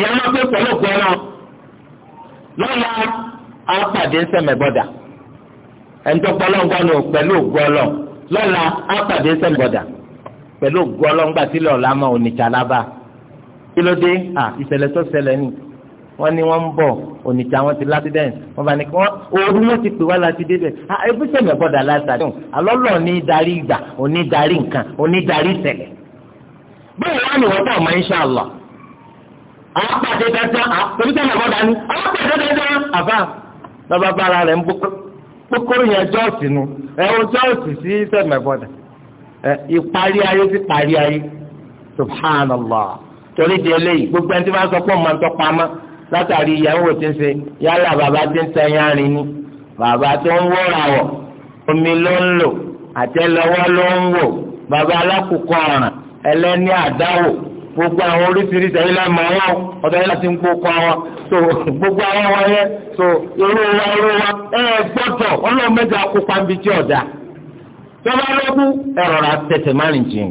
ìyá máa pé pẹ̀lú òkú ẹran lọ́la apàdé ń sẹ̀mẹ̀ bọ́dà ẹ̀ńtọ́pọ̀ ọlọ́ngbọ́nù pẹ̀lú òkú ọlọ́ lọ́la apàdé ń sẹ̀mẹ̀ bọ́dà pẹ̀lú òkú ọlọ́ngbà tí lọ́la máa oníṣà lába kí ló dé à ìṣẹ̀lẹ̀ tó ṣẹlẹ̀ ni wọ́n ní wọ́n ń bọ̀ oníṣà wọn ti lásìdẹ́ǹt wọ́n bá ní kí wọ́n ooru wọn ti pè wá láti débẹ̀ ebí sẹ̀mẹ̀ bọ́dà láti àdéhùn alọ́lọ́ ní darí ìgbà onídarí nǹkan onídarí ìṣẹ̀lẹ̀ bẹ́ẹ̀ wá ní wọ́n tọ̀ mọ́ inṣàlá ala dandan àpèjọ làwọn dání àápàdé dandan àbá lọ́ba bára rẹ̀ ń kókóró yẹn jọ́ọ̀sì nu ẹ̀ jọ́ọ̀sì sí sẹ́mẹ̀bọ̀dà ẹ̀ ìparí ayé sí parí ayé torí di eléyìí gbogbo ẹni tí wọ́n sọ pé ọmọ tó pamọ́ látàrí ìyàwó ń ṣe yálà bàbá ń tẹ ni bàbá tó ń wọ́ra wọ̀ omi ló ń lò ló ń wò bàbá ẹlẹ́ni àdáwò gbogbo àwọn oríṣiríṣi ẹ̀yìn láì máa wọ́n ọ̀dọ̀ yẹn láti ń so gbogbo àwọn wọn so irú wa irú wa ẹ gbọ́dọ̀ ọlọ́run mẹ́jọ akópa ń bi tí ọ̀dà lọ́kú ẹ̀rọ tẹ̀tẹ̀ má rìn jìn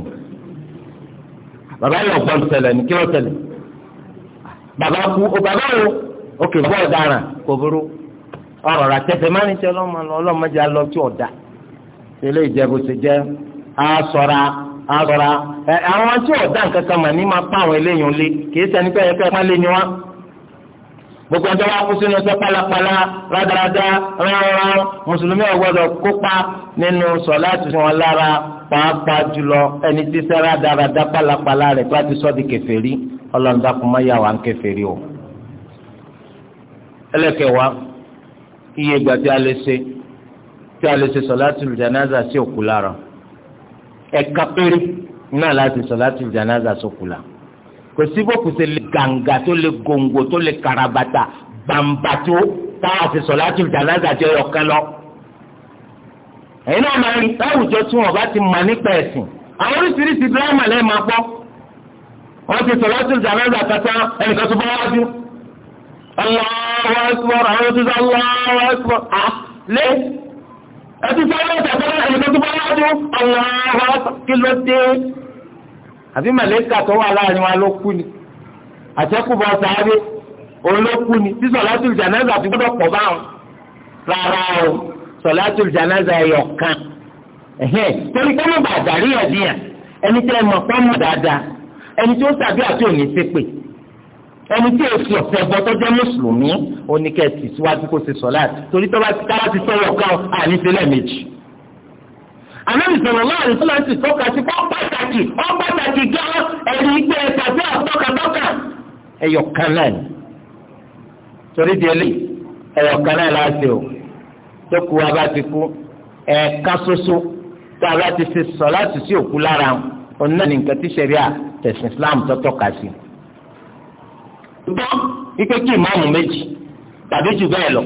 bàbá yẹn tẹ̀lẹ̀ ní kí tẹ̀lẹ̀ bàbá kú bàbá wo òkè bọ́ ọ̀daràn kò burú ọ̀rọ̀ tẹ̀tẹ̀ má àrọ̀ra àwọn tí ọ̀dà nǹkan kan mà ní máa pa àwọn eléyìí lé kì í sẹ́ni pé ẹ̀ka ẹ̀ka lé ni wọ́n. gbogbo ọjọ́ wa kú sínú sọ pálapàla rádaràdá rárá mùsùlùmí ọ̀gbọ́dọ̀ kópa nínú sọ̀láàtì wọn lára pàápàá jùlọ ẹni tí sẹ́ rádaràdá pálapàla rẹ̀ bá ti sọ́ di kèfèrí ọlọ́ọ̀dà kò má yà wá ń kèfèrí o. ẹlẹ́kẹ̀wá iye ìgbà tí a lè ṣe tí a lè ṣe sọ̀láàtì jánásà sí ẹ̀ka péré náà láti sọ̀látù jánásà sókùlà kò sí bókù ṣe lè gàǹgà tó lè gòǹgò tó lè karabata bàǹbàtó táwọn àti sọ̀látù jánásà jẹ́ ọ̀kan lọ. ẹ̀yin náà máa ń rí láwùjọ tí wọ́n bá ti mọ̀ nípa ẹ̀sìn àwọn oríṣiríṣi dírámà lẹ́ẹ̀ máa gbọ́ wọ́n ti sọ̀látù jánásà kata ẹnìkan tó bá wájú. Allahu akbar àwọn tó sọ Allahu akbar ẹtú sáré ìtàkùn ẹ̀rọ tó bá wájú ọ̀nà àwọn kí ló dé. àbí màlẹ́kà tó wà láàrin wa ló kú ni àtẹ́kùbọ̀ sáré òun ló kú ni tí sọ̀látùl jánásà àti gbọ́dọ̀ pọ̀ báwọn rárá o sọ̀látùl jánásà ẹ̀yọ̀ kan torí kọ́mọ̀ bàdàrí ẹ̀díyàn ẹni tí ẹ mọ̀ pọ́nmọ̀ dáadáa ẹni tí ó sàbí àti òní ṣépè ẹni tí èsì ọ̀sẹ̀ ẹ̀gbọ́ tó jẹ́ mùsùlùmí oníkẹ́ẹ̀tì síwájú kó ṣe sọ̀lá torí tó bá ti tára ti sọ̀rọ̀ kan àní ṣe lẹ́ẹ̀mejì. ànábì sọ̀rọ̀ náà ní fúlàn sì tọ́ka sí fún pàtàkì ọ́n pàtàkì gan ẹ̀rí gbé ẹ̀ka sí àtọ́katọ́ka. ẹyọ kan náà ni torí di ẹlẹ́yìn ẹyọ kan náà láti o tó wa bá ti kú ẹ̀ka ṣoṣo tá a bá ti ṣe sọ̀lá Islam tọ́tọ́ka sí gbọ́ ipe kí ìmáàmù méjì tàbí jù bẹ́ẹ̀ lọ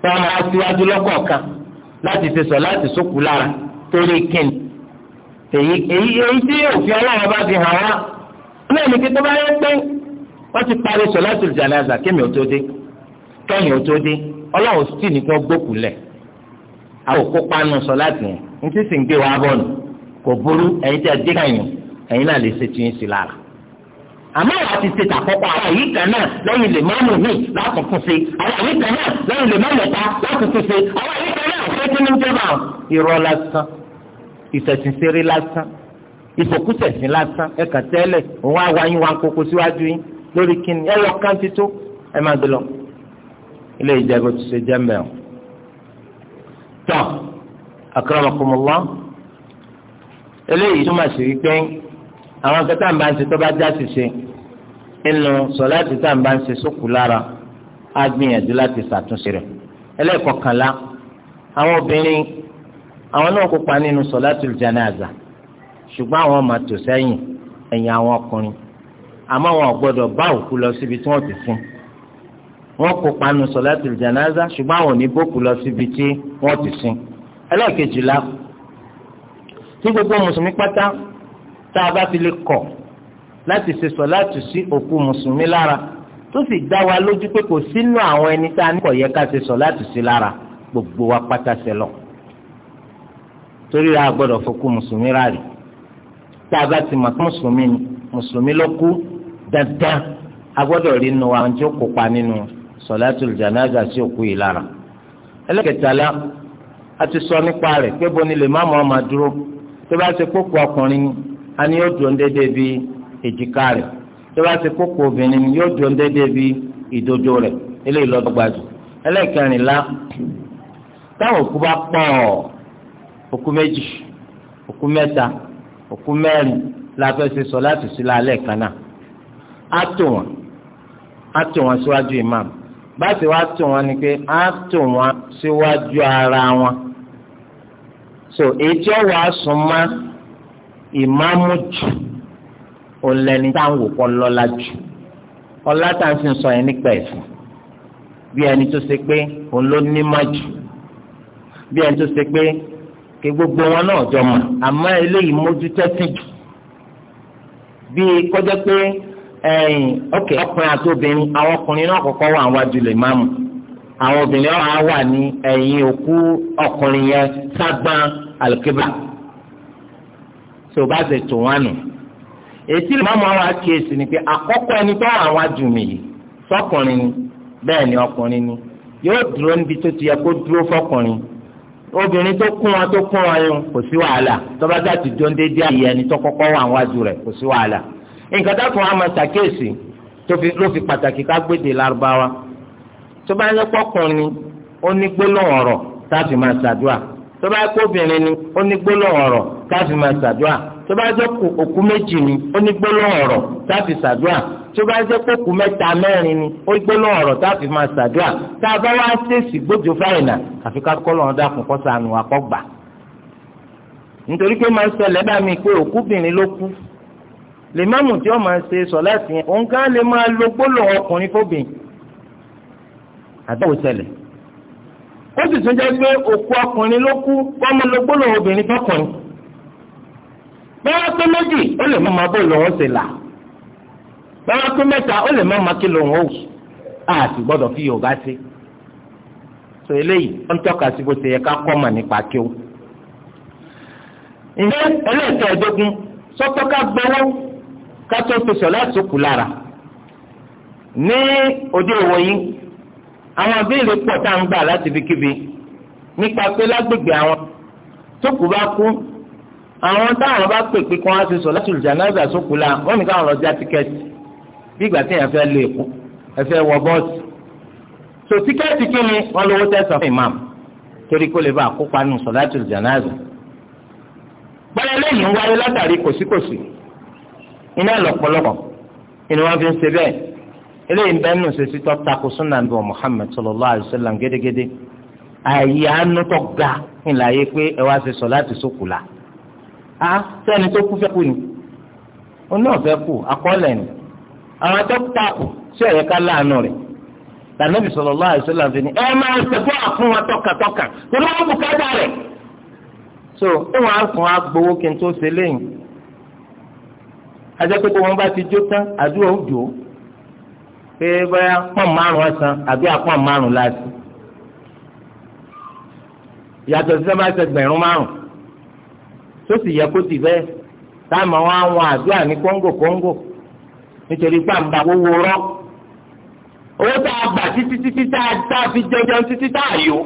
tí wọ́n máa síwájú lọ́kọ̀ọ̀kan láti ti sọ láti sókù lára torí kíni èyí èyí tí òfin ọlọ́run bá fi hàn wá náà ní kí tó bá yẹ pé wọ́n ti parí sọ láti jánásà kémi ò tó dé kẹ́yìn ò tó dé ọlọ́run sì ní kí wọ́n gbókù lẹ̀ àwọn òkópa nù sọ láti yẹn ní tí sì ń gbé wàá bọ̀ nù kò burú ẹ̀yin tí a dé kàyìn ẹ̀yin náà lè ṣe tiyín sí lára àmọ́ àwọn ti ṣe tàkọ́kọ́ àwọn yìí kan náà lẹ́yìn lè máa mú mi lákòókún sí àwọn yìí kan náà lẹ́yìn lè máa mẹ́ta lákòókún sí àwọn yìí kan náà fẹ́ tún ní jẹba. irọ́ lásán ìtẹ̀sínsẹ́rí lásán ìfòkútẹ̀sín lásán ẹ̀ka tẹ́lẹ̀ òun àwa yín wa ń koko síwájú yín lórí kíni ẹ lọ kán títú ẹ máa gbé lọ. ilé ìjẹ́bù ti ṣe jẹ́ mẹ́ọ̀. tọ́ àkàràmọ̀kùnmọ̀ àwọn kan tá à ń bá ń ṣe tó bá já ṣiṣe nínú sọláàtì tá à ń bá ń ṣe sókù lára á gbìyànjú láti ṣàtúnṣe rẹ̀ ẹlẹ́kọ̀ọ́kànlá àwọn obìnrin àwọn náà kópa nínú sọláàtì jánásà ṣùgbọ́n àwọn máa tò sẹ́yìn ẹ̀yìn àwọn ọkùnrin àmọ́ wọn ò gbọ́dọ̀ bá òkú lọ síbi tí wọ́n ti fún wọn kópa nínú sọláàtì jánásà ṣùgbọ́n àwọn ò ní tá a bá fi lè kọ̀ láti ṣe sọ láti sí òkú mùsùlùmí lára tó sì dá wa lójú pé kò sínú àwọn ẹni tá a ní kọ̀ yẹ ká ṣe sọ láti sí lára gbogbo wa pátá sẹlọ torí a gbọ́dọ̀ fọkú mùsùlùmí rárẹ tá a bá ti mọ̀ pé mùsùlùmí ni mùsùlùmí ló kú dandan a gbọ́dọ̀ rí nu àwọn tí ó kópa nínú sọlátul janaza sí òkú yìí lára ẹlẹ́kẹtàlá a ti sọ nípa rẹ̀ pé bo lè má mọ́ ọmọ dúró tó bá ṣe kókó ọkùnrin ni a ní yóò dùn déédéé bí èjìká rẹ̀ tó bá ti kókó obìnrin yóò dùn déédéé bí ìdodo rẹ̀ eléyìí lọ́dọ̀ gbajù ẹlẹ́kẹrìnlá táwọn òkú bá pọ̀ òkú méjì òkú mẹ́ta òkú mẹ́rin la fẹ́ ṣe sọ láti sí lálẹ́ kan náà á tò wọ́n á tò wọ́n síwájú imam bá ti wá tò wọ́n ni pé á tò wọ́n síwájú ara wọn so èyí tí ó wàá sùn máa ìmáàmù jù ọlẹni tá à ń wò kọ lọ́lá jù ọlá tá à ń sìn sọ yẹn nípa ẹ̀sìn bí ẹni tó ṣe pé òun ló ní má jù bí ẹni tó ṣe pé kí gbogbo wọn náà jọ mọ àmọ́ eléyìí mójútẹ́sìn jù bí kọjá pé ẹ̀yìn ọkẹ ọkùnrin àti obìnrin àwọn ọkùnrin náà kọ́kọ́ wà wájú lè má mu àwọn obìnrin náà wà ní ẹ̀yìn òkú ọkùnrin yẹn sábà àlùkébà tó bá ṣe tó wọn nù ètí lè má mú àwọn akéèsì ni pé àkọ́kọ́ ẹni tó wà wá jù mí yìí sọkùnrin ni bẹ́ẹ̀ ni ọkùnrin ni yóò dúró níbi tó ti yẹ kó dúró fọkùnrin obìnrin tó kún wọn tó kún wọn yún kò sí wàhálà tó bá dá ti dún déédéé àyè ẹni tó kọ́kọ́ wà wájú rẹ̀ kò sí wàhálà nǹkan dákun àmọ́ ṣàkíyèsí ló fi pàtàkì ká gbédè lárúbáwá tó bá yẹ kọkùnrin ó ní gbólóhùn ọ̀rọ̀ tá a fi máa ṣàdúrà tó bá yẹ kóbìnrin ó ní gbólóhùn ọ̀rọ̀ káfí máa ṣàdúrà tó bá jẹ́ òkú méjì ni ó ní gbólóhùn ọ̀rọ̀ táfi ṣàdúrà tó bá jẹ́ òkú mẹ́ta mẹ́rin ni ó ní gbólóhùn ọ̀rọ̀ táfi máa ṣàdúrà tá a bá wá ṣèṣì gbójú fáìnà àfi ká kọ́ lọ́run dákun kọ́ sànù àkọ́gbà. nítorí pé máa ń ṣẹlẹ̀ bá mi pé òkúbìnrin ló kú lèmọ́mù tí ó máa ṣe sọ̀láàtì yẹn òun kan lè máa lo gbólóhùn ọkùnrin fóbìn ó sì tún jẹ́ pé òkú ọkùnrin ló kú kọ́ máa lo gbólóhùn obìnrin fọkùnrin bẹ́ẹ̀ pé méjì ó lè mọ bó lòun ṣe là bẹ́ẹ̀ pé mẹ́ta ó lè mọ kí lòun ó wù sì gbọ́dọ̀ fi Yorùbá sí so eléyìí wọ́n tọ́ka sí bó ṣe yẹ ká kọ́ mọ̀ nípa kí o. ǹjẹ́ ẹlẹ́ẹ̀kẹ́ẹ̀dógún sọ́tọ́ ká gbọ́wọ́ ká tó fi sọ̀ láti kù lára ní òde òwò yìí àwọn abéèrè pọ̀ tá à ń gbà láti ibikíbi nípa pé lágbègbè àwọn tó kù bá kú àwọn táwọn bá pè pé kí wọ́n á ṣe solatul janaza sókù la wọ́n ní káwọn lọ já tíkẹ́ẹ̀tì bí ìgbà tí èèyàn fẹ́ lé èkó ẹ wọ bọ́ọ̀sì so tíkẹ́ẹ̀tì kí ni wọ́n lówó tẹ̀sán fún ìmáàmù torí kó lè bá àkópa nù solatul janaza báyọ̀ lẹ́yìn ń wáyé látàrí kòsíkòsí iná lọ́pọ̀lọpọ̀ ni wọ́n fi ń ṣe bẹ́ẹ̀ eléyìí ń bẹ́ẹ̀ nù ṣe sí tọ́ta kò súnà ń bọ̀ Muhammad sallallahu alaihi wasallam gédégédé àyè àánú a sẹ́ni tó kú fẹ́ kú ni òun náà fẹ́ kú akọ́lẹ̀ ni àwọn tó takù sí ọ̀yẹ́ ká láàánú rẹ̀ tànàbì sallallahu alaihi wasallam fi ni ẹ máa ń sẹ́kọ́ àfún wa tọkàtọkà tó lọ́wọ́ bùkátà rẹ̀ so ìwọ̀n àfún wa gbowó kí n tó ṣe lẹ́yìn ajẹ́pẹ́ tó wọn bá ti jó tán àdúrà ó dùn ó pé báyà pọ́n márùn-ún ọ̀sán àbí àpọ́n márùn-ún láti yàtọ̀ sí sẹ́mbà ẹgbẹ̀rún márùn-ún tó sì yẹ kó ti bẹ́ẹ̀ táàmù àwọn àwọn àdúrà ní kóńgò kóńgò nítorí pàǹbà owó rọ owó tá a gbà títí títí tá a tá a fi jẹjẹun títí tá a yó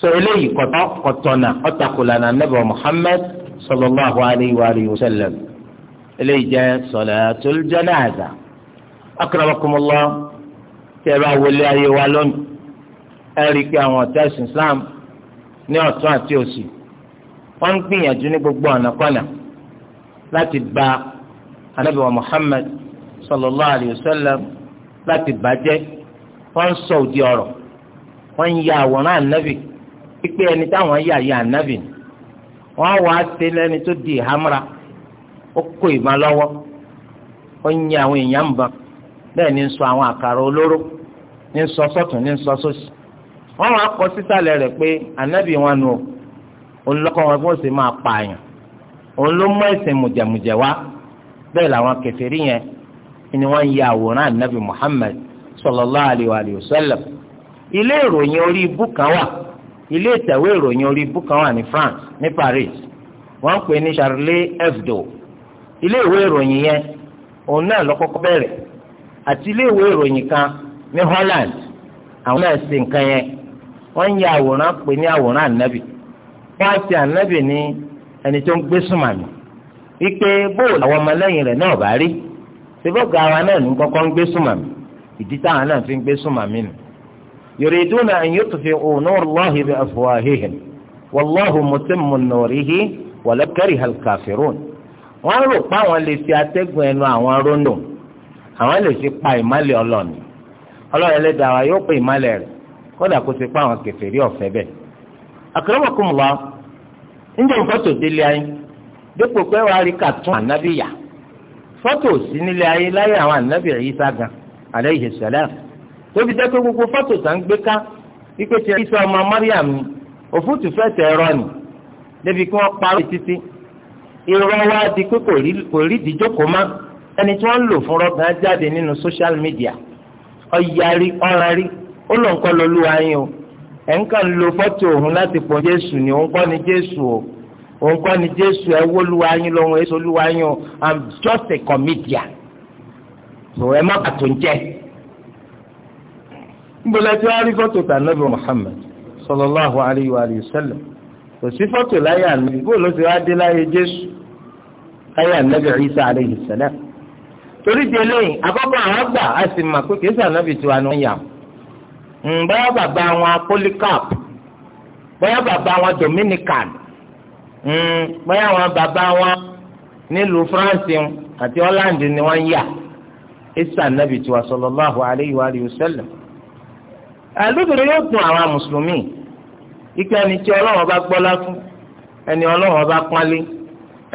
sọ eléyìí kọtọ kọtọnà ọtakùlànà nebà Muhammad sallallahu alayhi wa alayhi wa sallam eléyìí jẹ salatul janaza akramakumullah tẹ bá wọlé ayé wa lónìí ẹ rí i pé àwọn ọ̀tá ìsìn Islam ní ọ̀tún àti òsì. wọ́n gbìyànjú ní gbogbo ọ̀nà láti ba anabi wa muhammad sallallahu láti bàjẹ́ wọ́n sọ òdi wọ́n ya àwòrán anabi pípé ẹni táwọn yà ya anabi wọ́n wà á ṣe lẹ́ni tó di ìhámọ́ra ó kó àwọn èèyàn ni ń àwọn àkàrà olóró ní ń sọ ní ń sọ òun lọ́kọ́ wọn fún òsì máa pààyàn òun ló mú ẹ̀sìn mùjẹ̀mùjẹ̀ wá bẹ́ẹ̀ làwọn kèfèrí yẹn ni wọ́n ya àwòrán ànábì Muhammad sallallahu alayhi wa sallam ilé ìròyìn orí ibú kan wà ilé ìtẹ̀wé ìròyìn orí ibú kan wà ní France ní Paris wọ́n ń pè ní Charlie Hebdo ilé ìwé ìròyìn yẹn òun náà ló kọ́kọ́ bẹ̀rẹ̀ àti ilé ìwé ìròyìn kan ní Holland àwọn náà ṣe nǹkan yẹn wọ́n ń ya àwòrán pè ní àwòrán ànábì wọ́n ti ànábì ní ẹni tó ń gbé sùmàmì wípé bóòlù àwọn ọmọlẹ́yìn rẹ̀ náà bá rí síbò gàwa náà ní kọ́kọ́ ń gbé sùmàmì ìdí táwọn náà fi ń gbé sùmàmì nù. yuriduna an yutfi'u nurallahi bi afwahihim wallahu mutimmu nurihi walaw kariha al-kafirun. wọ́n rò pé àwọn lè fi atẹ́gùn ẹnu àwọn róńdò àwọn lè fi pa ìmálẹ̀ ọlọ́ọ̀ni ọlọ́ọ̀ni akramakumullah ńjẹ́ nǹkan tó délé ayé dípò pé wàá rí kàtún ànábì yà sí nílé ayé láyé àwọn ànábì tóbi gbogbo gbé ká Mariam ni òfútù fẹ́ ni débi kí wọ́n parí títí irọ́ wa di pé kò rí ìdíjókòó má ẹni tí wọ́n lò fún rọ́gàn jáde nínú o ẹ̀ lo foto òun láti pọ̀ jésù ni òun kọ́ ni jésù o òun kọ́ ni jésù ẹ wó luwa yín lọ́wọ́ o i'm just a comedian so ẹ má bàtò ń jẹ́ nbola tí wàá rí fọ́tò tà sallallahu alayhi wa sallam kò sí fọ́tò láyé ànábì bó ló ti wá dé láyé jésù láyé ànábì Isa alayhi salam torí délé àkọ́kọ́ àwọn àgbà a sì pé tiwa ni wọ́n yà wọ́n. bóyá bàbá wọn polycarp bóyá bàbá wọn dominican mm, bóyá wọn bàbá wọn nílùú france àti holland ni wọ́n yà isa nabi tiwa sallallahu alayhi wa sallam àlùbẹ̀rẹ̀ yóò tún àwọn mùsùlùmí ike ẹni tí ọlọ́run bá gbọ́lá fún ẹni ọlọ́run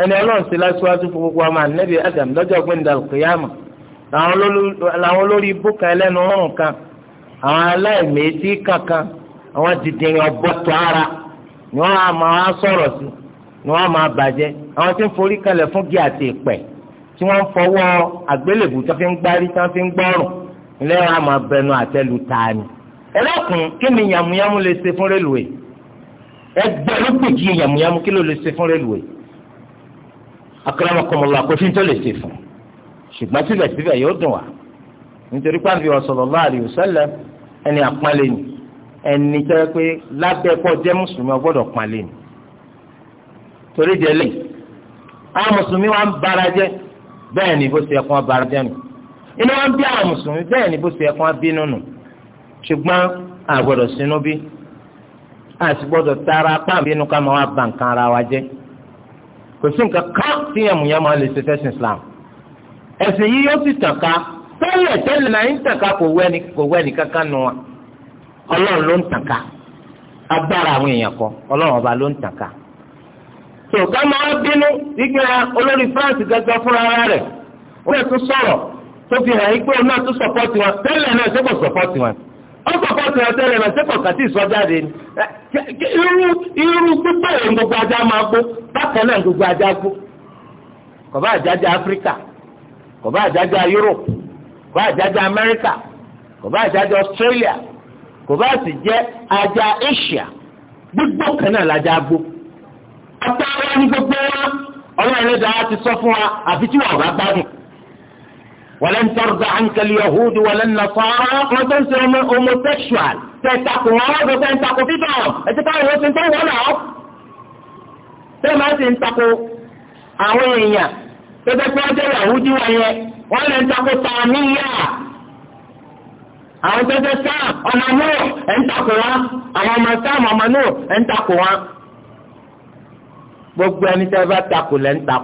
ẹni ọlọ́run lásìwájú fún gbogbo ọmọ adam lọ́jọ́ làwọn ẹlẹ́nu àwọn aláìmẹ̀ẹ́sì kankan àwọn dìdìrín ọ̀bọ̀tọ̀ ara ni wọ́n á máa sọ̀rọ̀ sí ni wọ́n á máa bàjẹ́ àwọn tí ń forí kalẹ̀ fún gí àti ìpẹ́ tí wọ́n ń fọwọ́ àgbélébù tó fi ń gbárí tó fi ń gbọ́rùn ilé wọn máa bẹnu àtẹ́lu tani. ẹlẹ́kùn kí ni yàmùyàmù lè ṣe fún rélùwé ẹgbẹ̀rún gbèjì yàmùyàmù kí ló lè ṣe fún rélùwé. akọ́lámọkọ́mọlá kò sí ní tó lè ṣe fún ṣùgbọ́n síbẹ̀síbẹ̀ yóò dùn wá nítorí pàǹdì sallallahu alaihi wasallam ẹni àpọ́nlé ni ẹni tó yẹ pé lábẹ́ pọ̀ jẹ́ mùsùlùmí ó gbọ́dọ̀ pọ́nlé ni torí délé àwọn mùsùlùmí wa ń bara jẹ́ bẹ́ẹ̀ ni bó ṣe ẹ̀kọ́ bara jẹ́ nù inú wọn bí àwọn mùsùlùmí bẹ́ẹ̀ ni bó ṣe ẹ̀kọ́ bínú nù ṣùgbọ́n a gbọ́dọ̀ sínú bí a sì gbọ́dọ̀ tara apá bínú ká máa wá ba nǹkan ara wa jẹ́ kò sí nǹkan ká tíyẹ̀mùyẹ̀mù á lè ṣe fẹ́sìn Islam ẹ̀sìn yìí yóò sì tàn ká tẹ́lẹ̀ tẹ́lẹ̀ náà ń tàn ká kò wẹ́ nìkan nù wọn ọlọ́run ló ń tàn agbára àwọn èèyàn kọ ọlọ́run ọba ló ń so tó ká máa bínú ah, olórí France gẹ́gẹ́ fúnra rẹ̀ ó yẹ kó tó fi hàn pé òun tó sọ̀pọ̀tì wọn tẹ́lẹ̀ náà ṣé kò sọ̀pọ̀tì wọn ó sọ̀pọ̀tì wọn tẹ́lẹ̀ náà ṣé kò kàtí ìsọjáde eh, irú irú pípẹ́ ìrìn gbogbo ajá máa gbó bákan náà gbogbo ajá gbó kò bá Europe kò bá àjájá Amẹ́ríkà kò bá àjájá Australia kò bá sì jẹ́ ajá Asia gbogbo kan náà lajá gbó ọ̀tá wa ní gbogbo wa ọlọ́run ló dáa ti sọ fún wa àfi tí wọ́n bá gbádùn. ولن ترضى عنك اليهود ولا النصارى ما تنسى homosexual تنتقوا ورد وتنتقوا في بعض اتفاقوا وتنتقوا ولا tẹ́lẹ̀ máa ti ń takò àwọn èèyàn tó bẹ́ẹ̀ tí wọ́n jẹ́ yahudi wọ́n lè ń takò tàníyà àwọn tó ṣe sáà ọmọ náà ẹ̀ ń takò wá àwọn ọmọ sáà ọmọ náà ẹ̀ ń wá gbogbo ẹni tẹ bá takò lẹ ń ẹ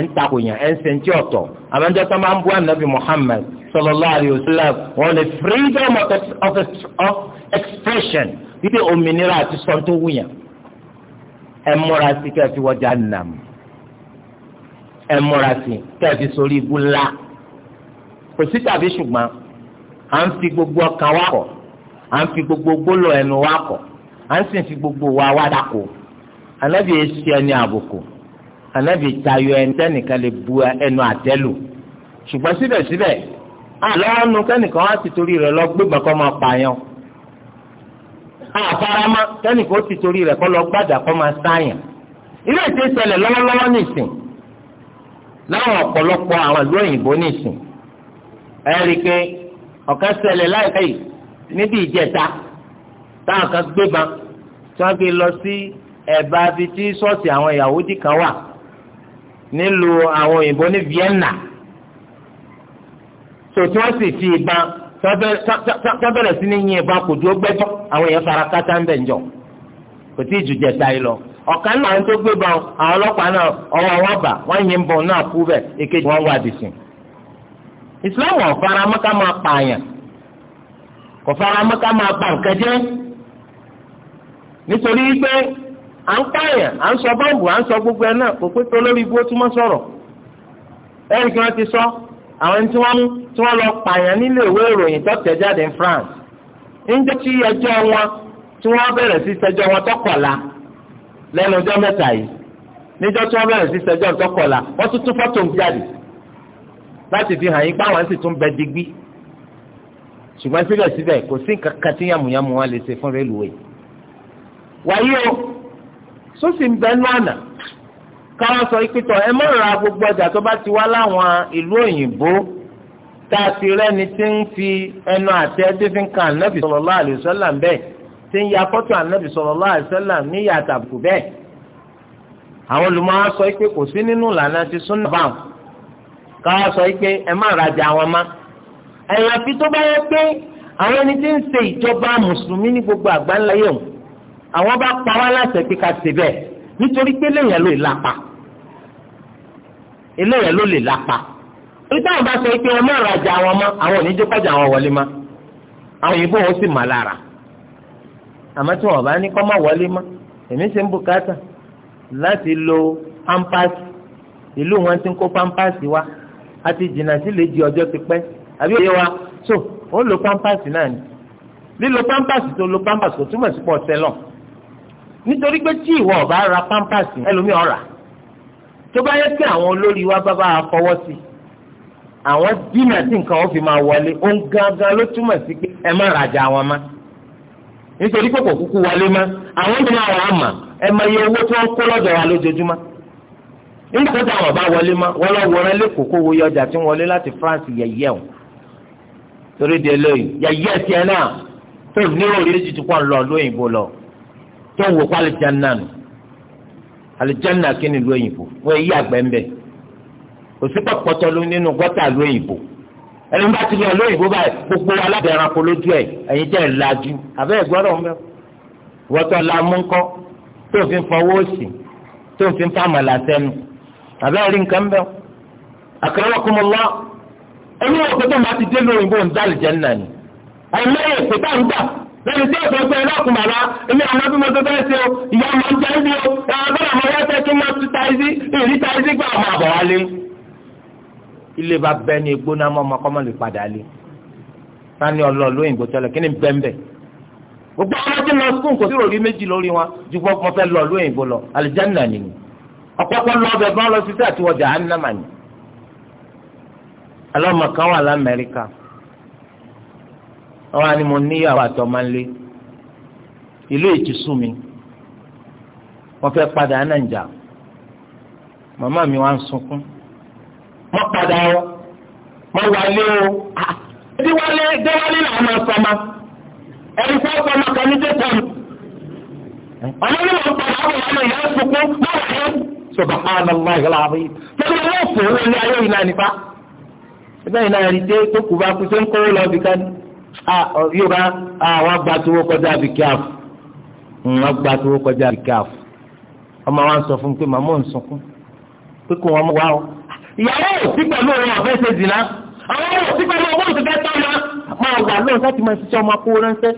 ń yẹn ẹ ń sẹ ń tí ọ̀tọ̀ àbájọ tó máa ń bu anabi Muhammad sallallahu alayhi wa sallam wọn lè freedom of, of, of expression wípé òmìnira àti sọ tó wù yẹn ẹ múra sí kẹfì wọjà nàm ẹ múra sí kẹfì sórí ibú kò sí tàbí ṣùgbọ́n à ń fi gbogbo ọkàn wa kọ̀ à ń fi gbogbo gbólọ̀ ẹnu wa kọ̀ à ń sì fi gbogbo wa wá dako ànábì èsì ẹni àbùkù ànábì tayọ ẹni tẹ́nìkan lè bu ẹnu àtẹ́lù ṣùgbọ́n síbẹ̀síbẹ̀ àlọ́ọ̀nù kẹ́nìkan wá ti torí rẹ̀ lọ gbébọn kọ́ máa pààyàn àfarama kẹ́nìkan ó ti torí rẹ̀ kọ́ lọ gbàdà kọ́ máa sáyàn ilé ìtẹ́sẹ̀lẹ̀ lọ́wọ́lọ́wọ́ nìsín láwọn ọ̀pọ̀lọpọ̀ àwọn ìlú òyìnbó nìsín ẹ̀rí pé ọ̀kan ṣẹlẹ̀ láìpẹ́ yìí níbi ìjẹta táwọn kan gbébọn tí wọ́n fi lọ sí ẹ̀bá bíi tí ṣọ́ọ̀ṣì àwọn Vienna tó tí wọ́n sì fi ìbọn tọ́bẹ̀rẹ̀ sí ní yin ìbọn kò dúró gbẹ́jọ́ àwọn èèyàn fara kátá ń bẹ̀ ń jọ kò tí ì jù jẹta yìí lọ náà tó gbébọn àwọn ọlọ́pàá náà ọwọ́ islam ọ̀fara mọ́ká ma fara maka ma pa nǹkan nítorí pé à ń nitori à ń sọ bọ́ǹbù à ń sọ gbogbo ẹ̀ náà kò pé tó lórí ibú ó túmọ̀ sọ̀rọ̀ ẹ̀rí kí wọ́n ti sọ àwọn tí wọ́n tí wọ́n lọ n'ile nílé ìwé ìròyìn tó tẹ̀ ní France níjẹ́ tí ẹjọ́ wọn tí wọ́n bẹ̀rẹ̀ sí wọn tọkọ̀la lẹ́nu ọjọ́ mẹ́ta yìí níjọ́ tí wọ́n bẹ̀rẹ̀ sí tọkọ̀la láti fi hàn yín pé àwọn sì tún bẹ digbí ṣùgbọ́n síbẹ̀síbẹ̀ kò sí nǹkan kan tí yàmùyàmù wọn lè ṣe fún rélùwé wàyí o sósì ń bẹ nú àná káwọn sọ ìpìtọ̀ ẹ má ra gbogbo ọjà tó bá ti wá láwọn ìlú òyìnbó tá a ti rẹ́ni tí ń fi ẹnu àti ẹtí fi ń kan ànábì sallallahu alaihi wasallam bẹ́ẹ̀ tí ń ya fọ́tò ànábì sallallahu alaihi wasallam ní ìyá àtàbùkù bẹ́ẹ̀ àwọn olùmọ̀ á sọ pé kò sí nínú ìlànà ti súnà báwọn káwá sọ pé ẹ má rajà àwọn má àyàfi tó bá yẹ pé àwọn ẹni tí ń se ìjọba mùsùlùmí ní gbogbo àgbáńláyé òun àwọn bá pa wá láṣẹ pé ká ṣe bẹ́ẹ̀ nítorí pé léèyàn ló lápa eléyàn ló lè lápa torí táwọn bá sọ pé ẹ má rajà àwọn má àwọn oníjó kọjá àwọn wọlé má àwọn òyìnbó wọn sì má lára àmọ́ tí wọn bá ní ṣe ń bùkátà lo pampas ìlú wọn ti ń àti jìnnà sí lè di ọjọ́ ti àbí òye wa so ó lo pampasì náà ni lílo pampasì tó lo pampasì kò túmọ̀ sí pọ̀ sẹ́lọ̀ nítorí pé tí ìwọ ọba ra pampasì ẹlòmíì ọ̀rà tó bá yẹ kí àwọn olórí wa bá bá fọwọ́ sí àwọn dínà tí nǹkan ó fi máa wọlé òun gangan ló túmọ̀ sí pé ẹ má rajà wọn má nítorí pé kò kúkú wọlé má àwọn ìdílé àwọn àmà ẹ má yẹ owó tí wọ́n kó lọ́dọ̀ wa lójoojúmọ́ nígbà tó dáwọn bá wọlé mọ́ wọ́n lọ wọ̀rán kó wo ọjà tí wọlé láti France yẹ̀yẹ́ o torí de lóyìn yẹ̀yẹ́ tiẹ̀ náà tó ní oríṣi tí wọ́n lọ lóyìnbó lọ tó ń wò kó alìjánná nù alìjánná kí ni lóyìnbó wọ́n yí àgbẹ̀ ń bẹ̀ kò sí pọ̀pọ̀tọ̀ ló nínú gọ́tà lóyìnbó ẹni bá ti lọ lóyìnbó báyìí gbogbo alábẹ̀ranko lójú ẹ̀ ẹ̀yin tẹ̀ lajú àbẹ́ ìgbọ́dọ̀ la mú ńkọ́ tó fi fọwọ́ sí tó àbẹ́rẹ́ nǹkan bẹ́ẹ̀ akramakumullah ẹni wọn pé tó máa ti dé lórí bó ń dálì jẹ́ nà ni àìmọ́ ẹ̀ pé tá ń gbà lẹ́nu tí ọ̀sán pé ẹlọ́kùn bàbá èmi àwọn bí mo tó bẹ́ẹ̀ ṣe o ìyá ọmọ ń jẹ́ ń bí o ẹ̀rọ bẹ́ẹ̀ àmọ́ wọ́n fẹ́ kí wọ́n tú táyìsí ìrí táyìsí gbà ọmọ àbọ̀ wá lé. ilé bá bẹ́ẹ̀ ni egbó náà mọ́ ọmọ lè padà lé sani ọlọ́ lóyìnbó tẹ́lẹ̀ kí ni bẹ́ẹ̀ gbogbo ọmọ tí mo sùn kò sí òrí méjì lórí wọn ju gbogbo fẹ́ lọ lóyìnbó lọ àlùjánnà nìyí ọ̀pọ̀pọ̀ lọ ọbẹ̀ bá lọ sí sí àtiwọ̀ jahannama ni alọ́mọ kan wà lamẹ́ríkà àwọn àni mo níyàwó àtọ́mọ́lé ìlú ìtìsú mi wọ́n fẹ́ padà nàìjà màmá mi wá ń sunkún mọ́ padà o mọ́ wálé o ẹbí wálé déwálé làwọn ọ̀sọ́mà ẹni fẹ́ ọ̀sọ́mà kan ní tẹ́tọ́ mi ọ̀nà ni mo ń padà wọ̀ ọ̀nà ìyá sunkún báwa ni subhanallahi alazim lọ́dún wọn fò owó ilé ayé yìí náà nípa ẹgbẹ́ yìí náà rí i pé tó kù bá kú sí ń kówó lọ́ọ́ bìkan yóò bá àwọn agbátowó kọjá bìkẹ́ àfọ̀ hmm, wọn gba tó kọjá bìkẹ́ àfọ̀ ọmọ wa ń sọ fún mi pé màmá ò ń sunkún pé kò wọ́n mú wa o. ìyàwó òsì pẹ̀lú òun àfẹ́ ṣe dìná àwọn ọmọ òsì pẹ̀lú ọmọ òsì fẹ́ tán náà máa wà lóun láti máa ṣiṣẹ́ ọmọ akówó ránṣẹ́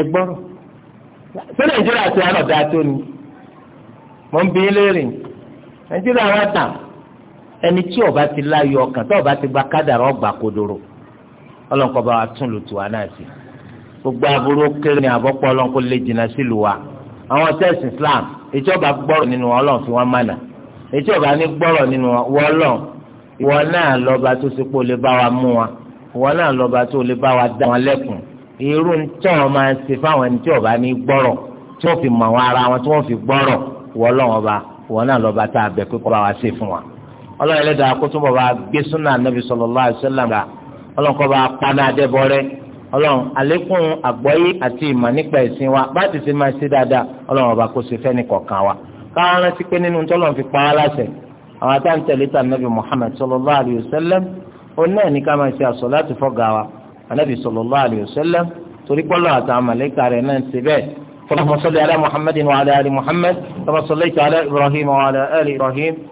ẹ̀kan ṣé nàìjíríà ti àná dáa tó ni mo ń bí lérìn nàìjíríà wá tà ẹni tí ọba ti láyọ̀ ọkàn tí ọba ti gba kádàrá ọgbà kodoro ọlọ́nkọ́ bá wa tún lùtù wa náà sí gbogbo aburú kéré ní àbọ̀pọ̀ ọlọ́nkọ́ lè jìnnà sílùú wa àwọn sẹ́ẹ̀sì Islam ètí ọba gbọ́rọ̀ nínú ọlọ́run fi wọ́n mánà ètí ọba ní gbọ́rọ̀ nínú ọlọ́run ìwọ náà lọ́ba tó ti pé o lè bá wa mú wa ìwọ náà lọ́ba tó lè bá wa dá wọn lẹ́kùn irú tí wọn máa ṣe fáwọn ẹni tí wọn bá ní gbọ́rọ̀ tí wọn fi mọ̀ wọn ara wọn tí wọn fi gbọ́rọ̀ wọ́n lọ́wọ́ bá wọn náà lọ́ba tá a bẹ̀ pé kó bá wa ṣe fún wa. ọlọ́run ẹlẹ́dàá kó túnbọ̀ bá gbé súnà nàbì sallallahu alaihi wasallam gà ọlọ́run kó bá paná adébọ̀rẹ́ ọlọ́run àlékún àgbọ́yé àti ìmọ̀ nípa ẹ̀sìn wa bá ti ṣe máa ṣe dáadáa ọlọ́run ọba kó ṣe fẹ́ni kọ̀ọ̀kan wa. káwọn rántí pé nínú tọ́lọ́run fi pa á láṣẹ àwọn àtàntẹ̀lẹ́tà nàbì Muhammad sallallahu alaihi wasallam anabi sallallahu alayhi wa sallam torí pé Ọlọ́run àtàwọn màlẹ́kà rẹ̀ náà ti bẹ́ẹ̀ fọlọ́mọ sọ́lẹ̀ alẹ́ muhammed ní wàhálà alẹ́ muhammed fọlọ́mọ sọ́lẹ̀ ìtàlẹ́ ibrahim wàhálà alẹ́ ibrahim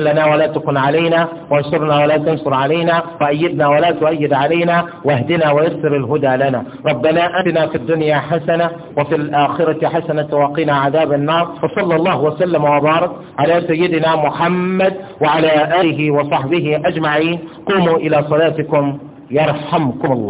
لنا ولا تكن علينا وانصرنا ولا تنصر علينا وأيدنا ولا تؤيد علينا واهدنا ويسر الهدى لنا ربنا أتنا في الدنيا حسنة وفي الآخرة حسنة وقنا عذاب النار وصلى الله وسلم وبارك على سيدنا محمد وعلى آله وصحبه أجمعين قوموا إلى صلاتكم يرحمكم الله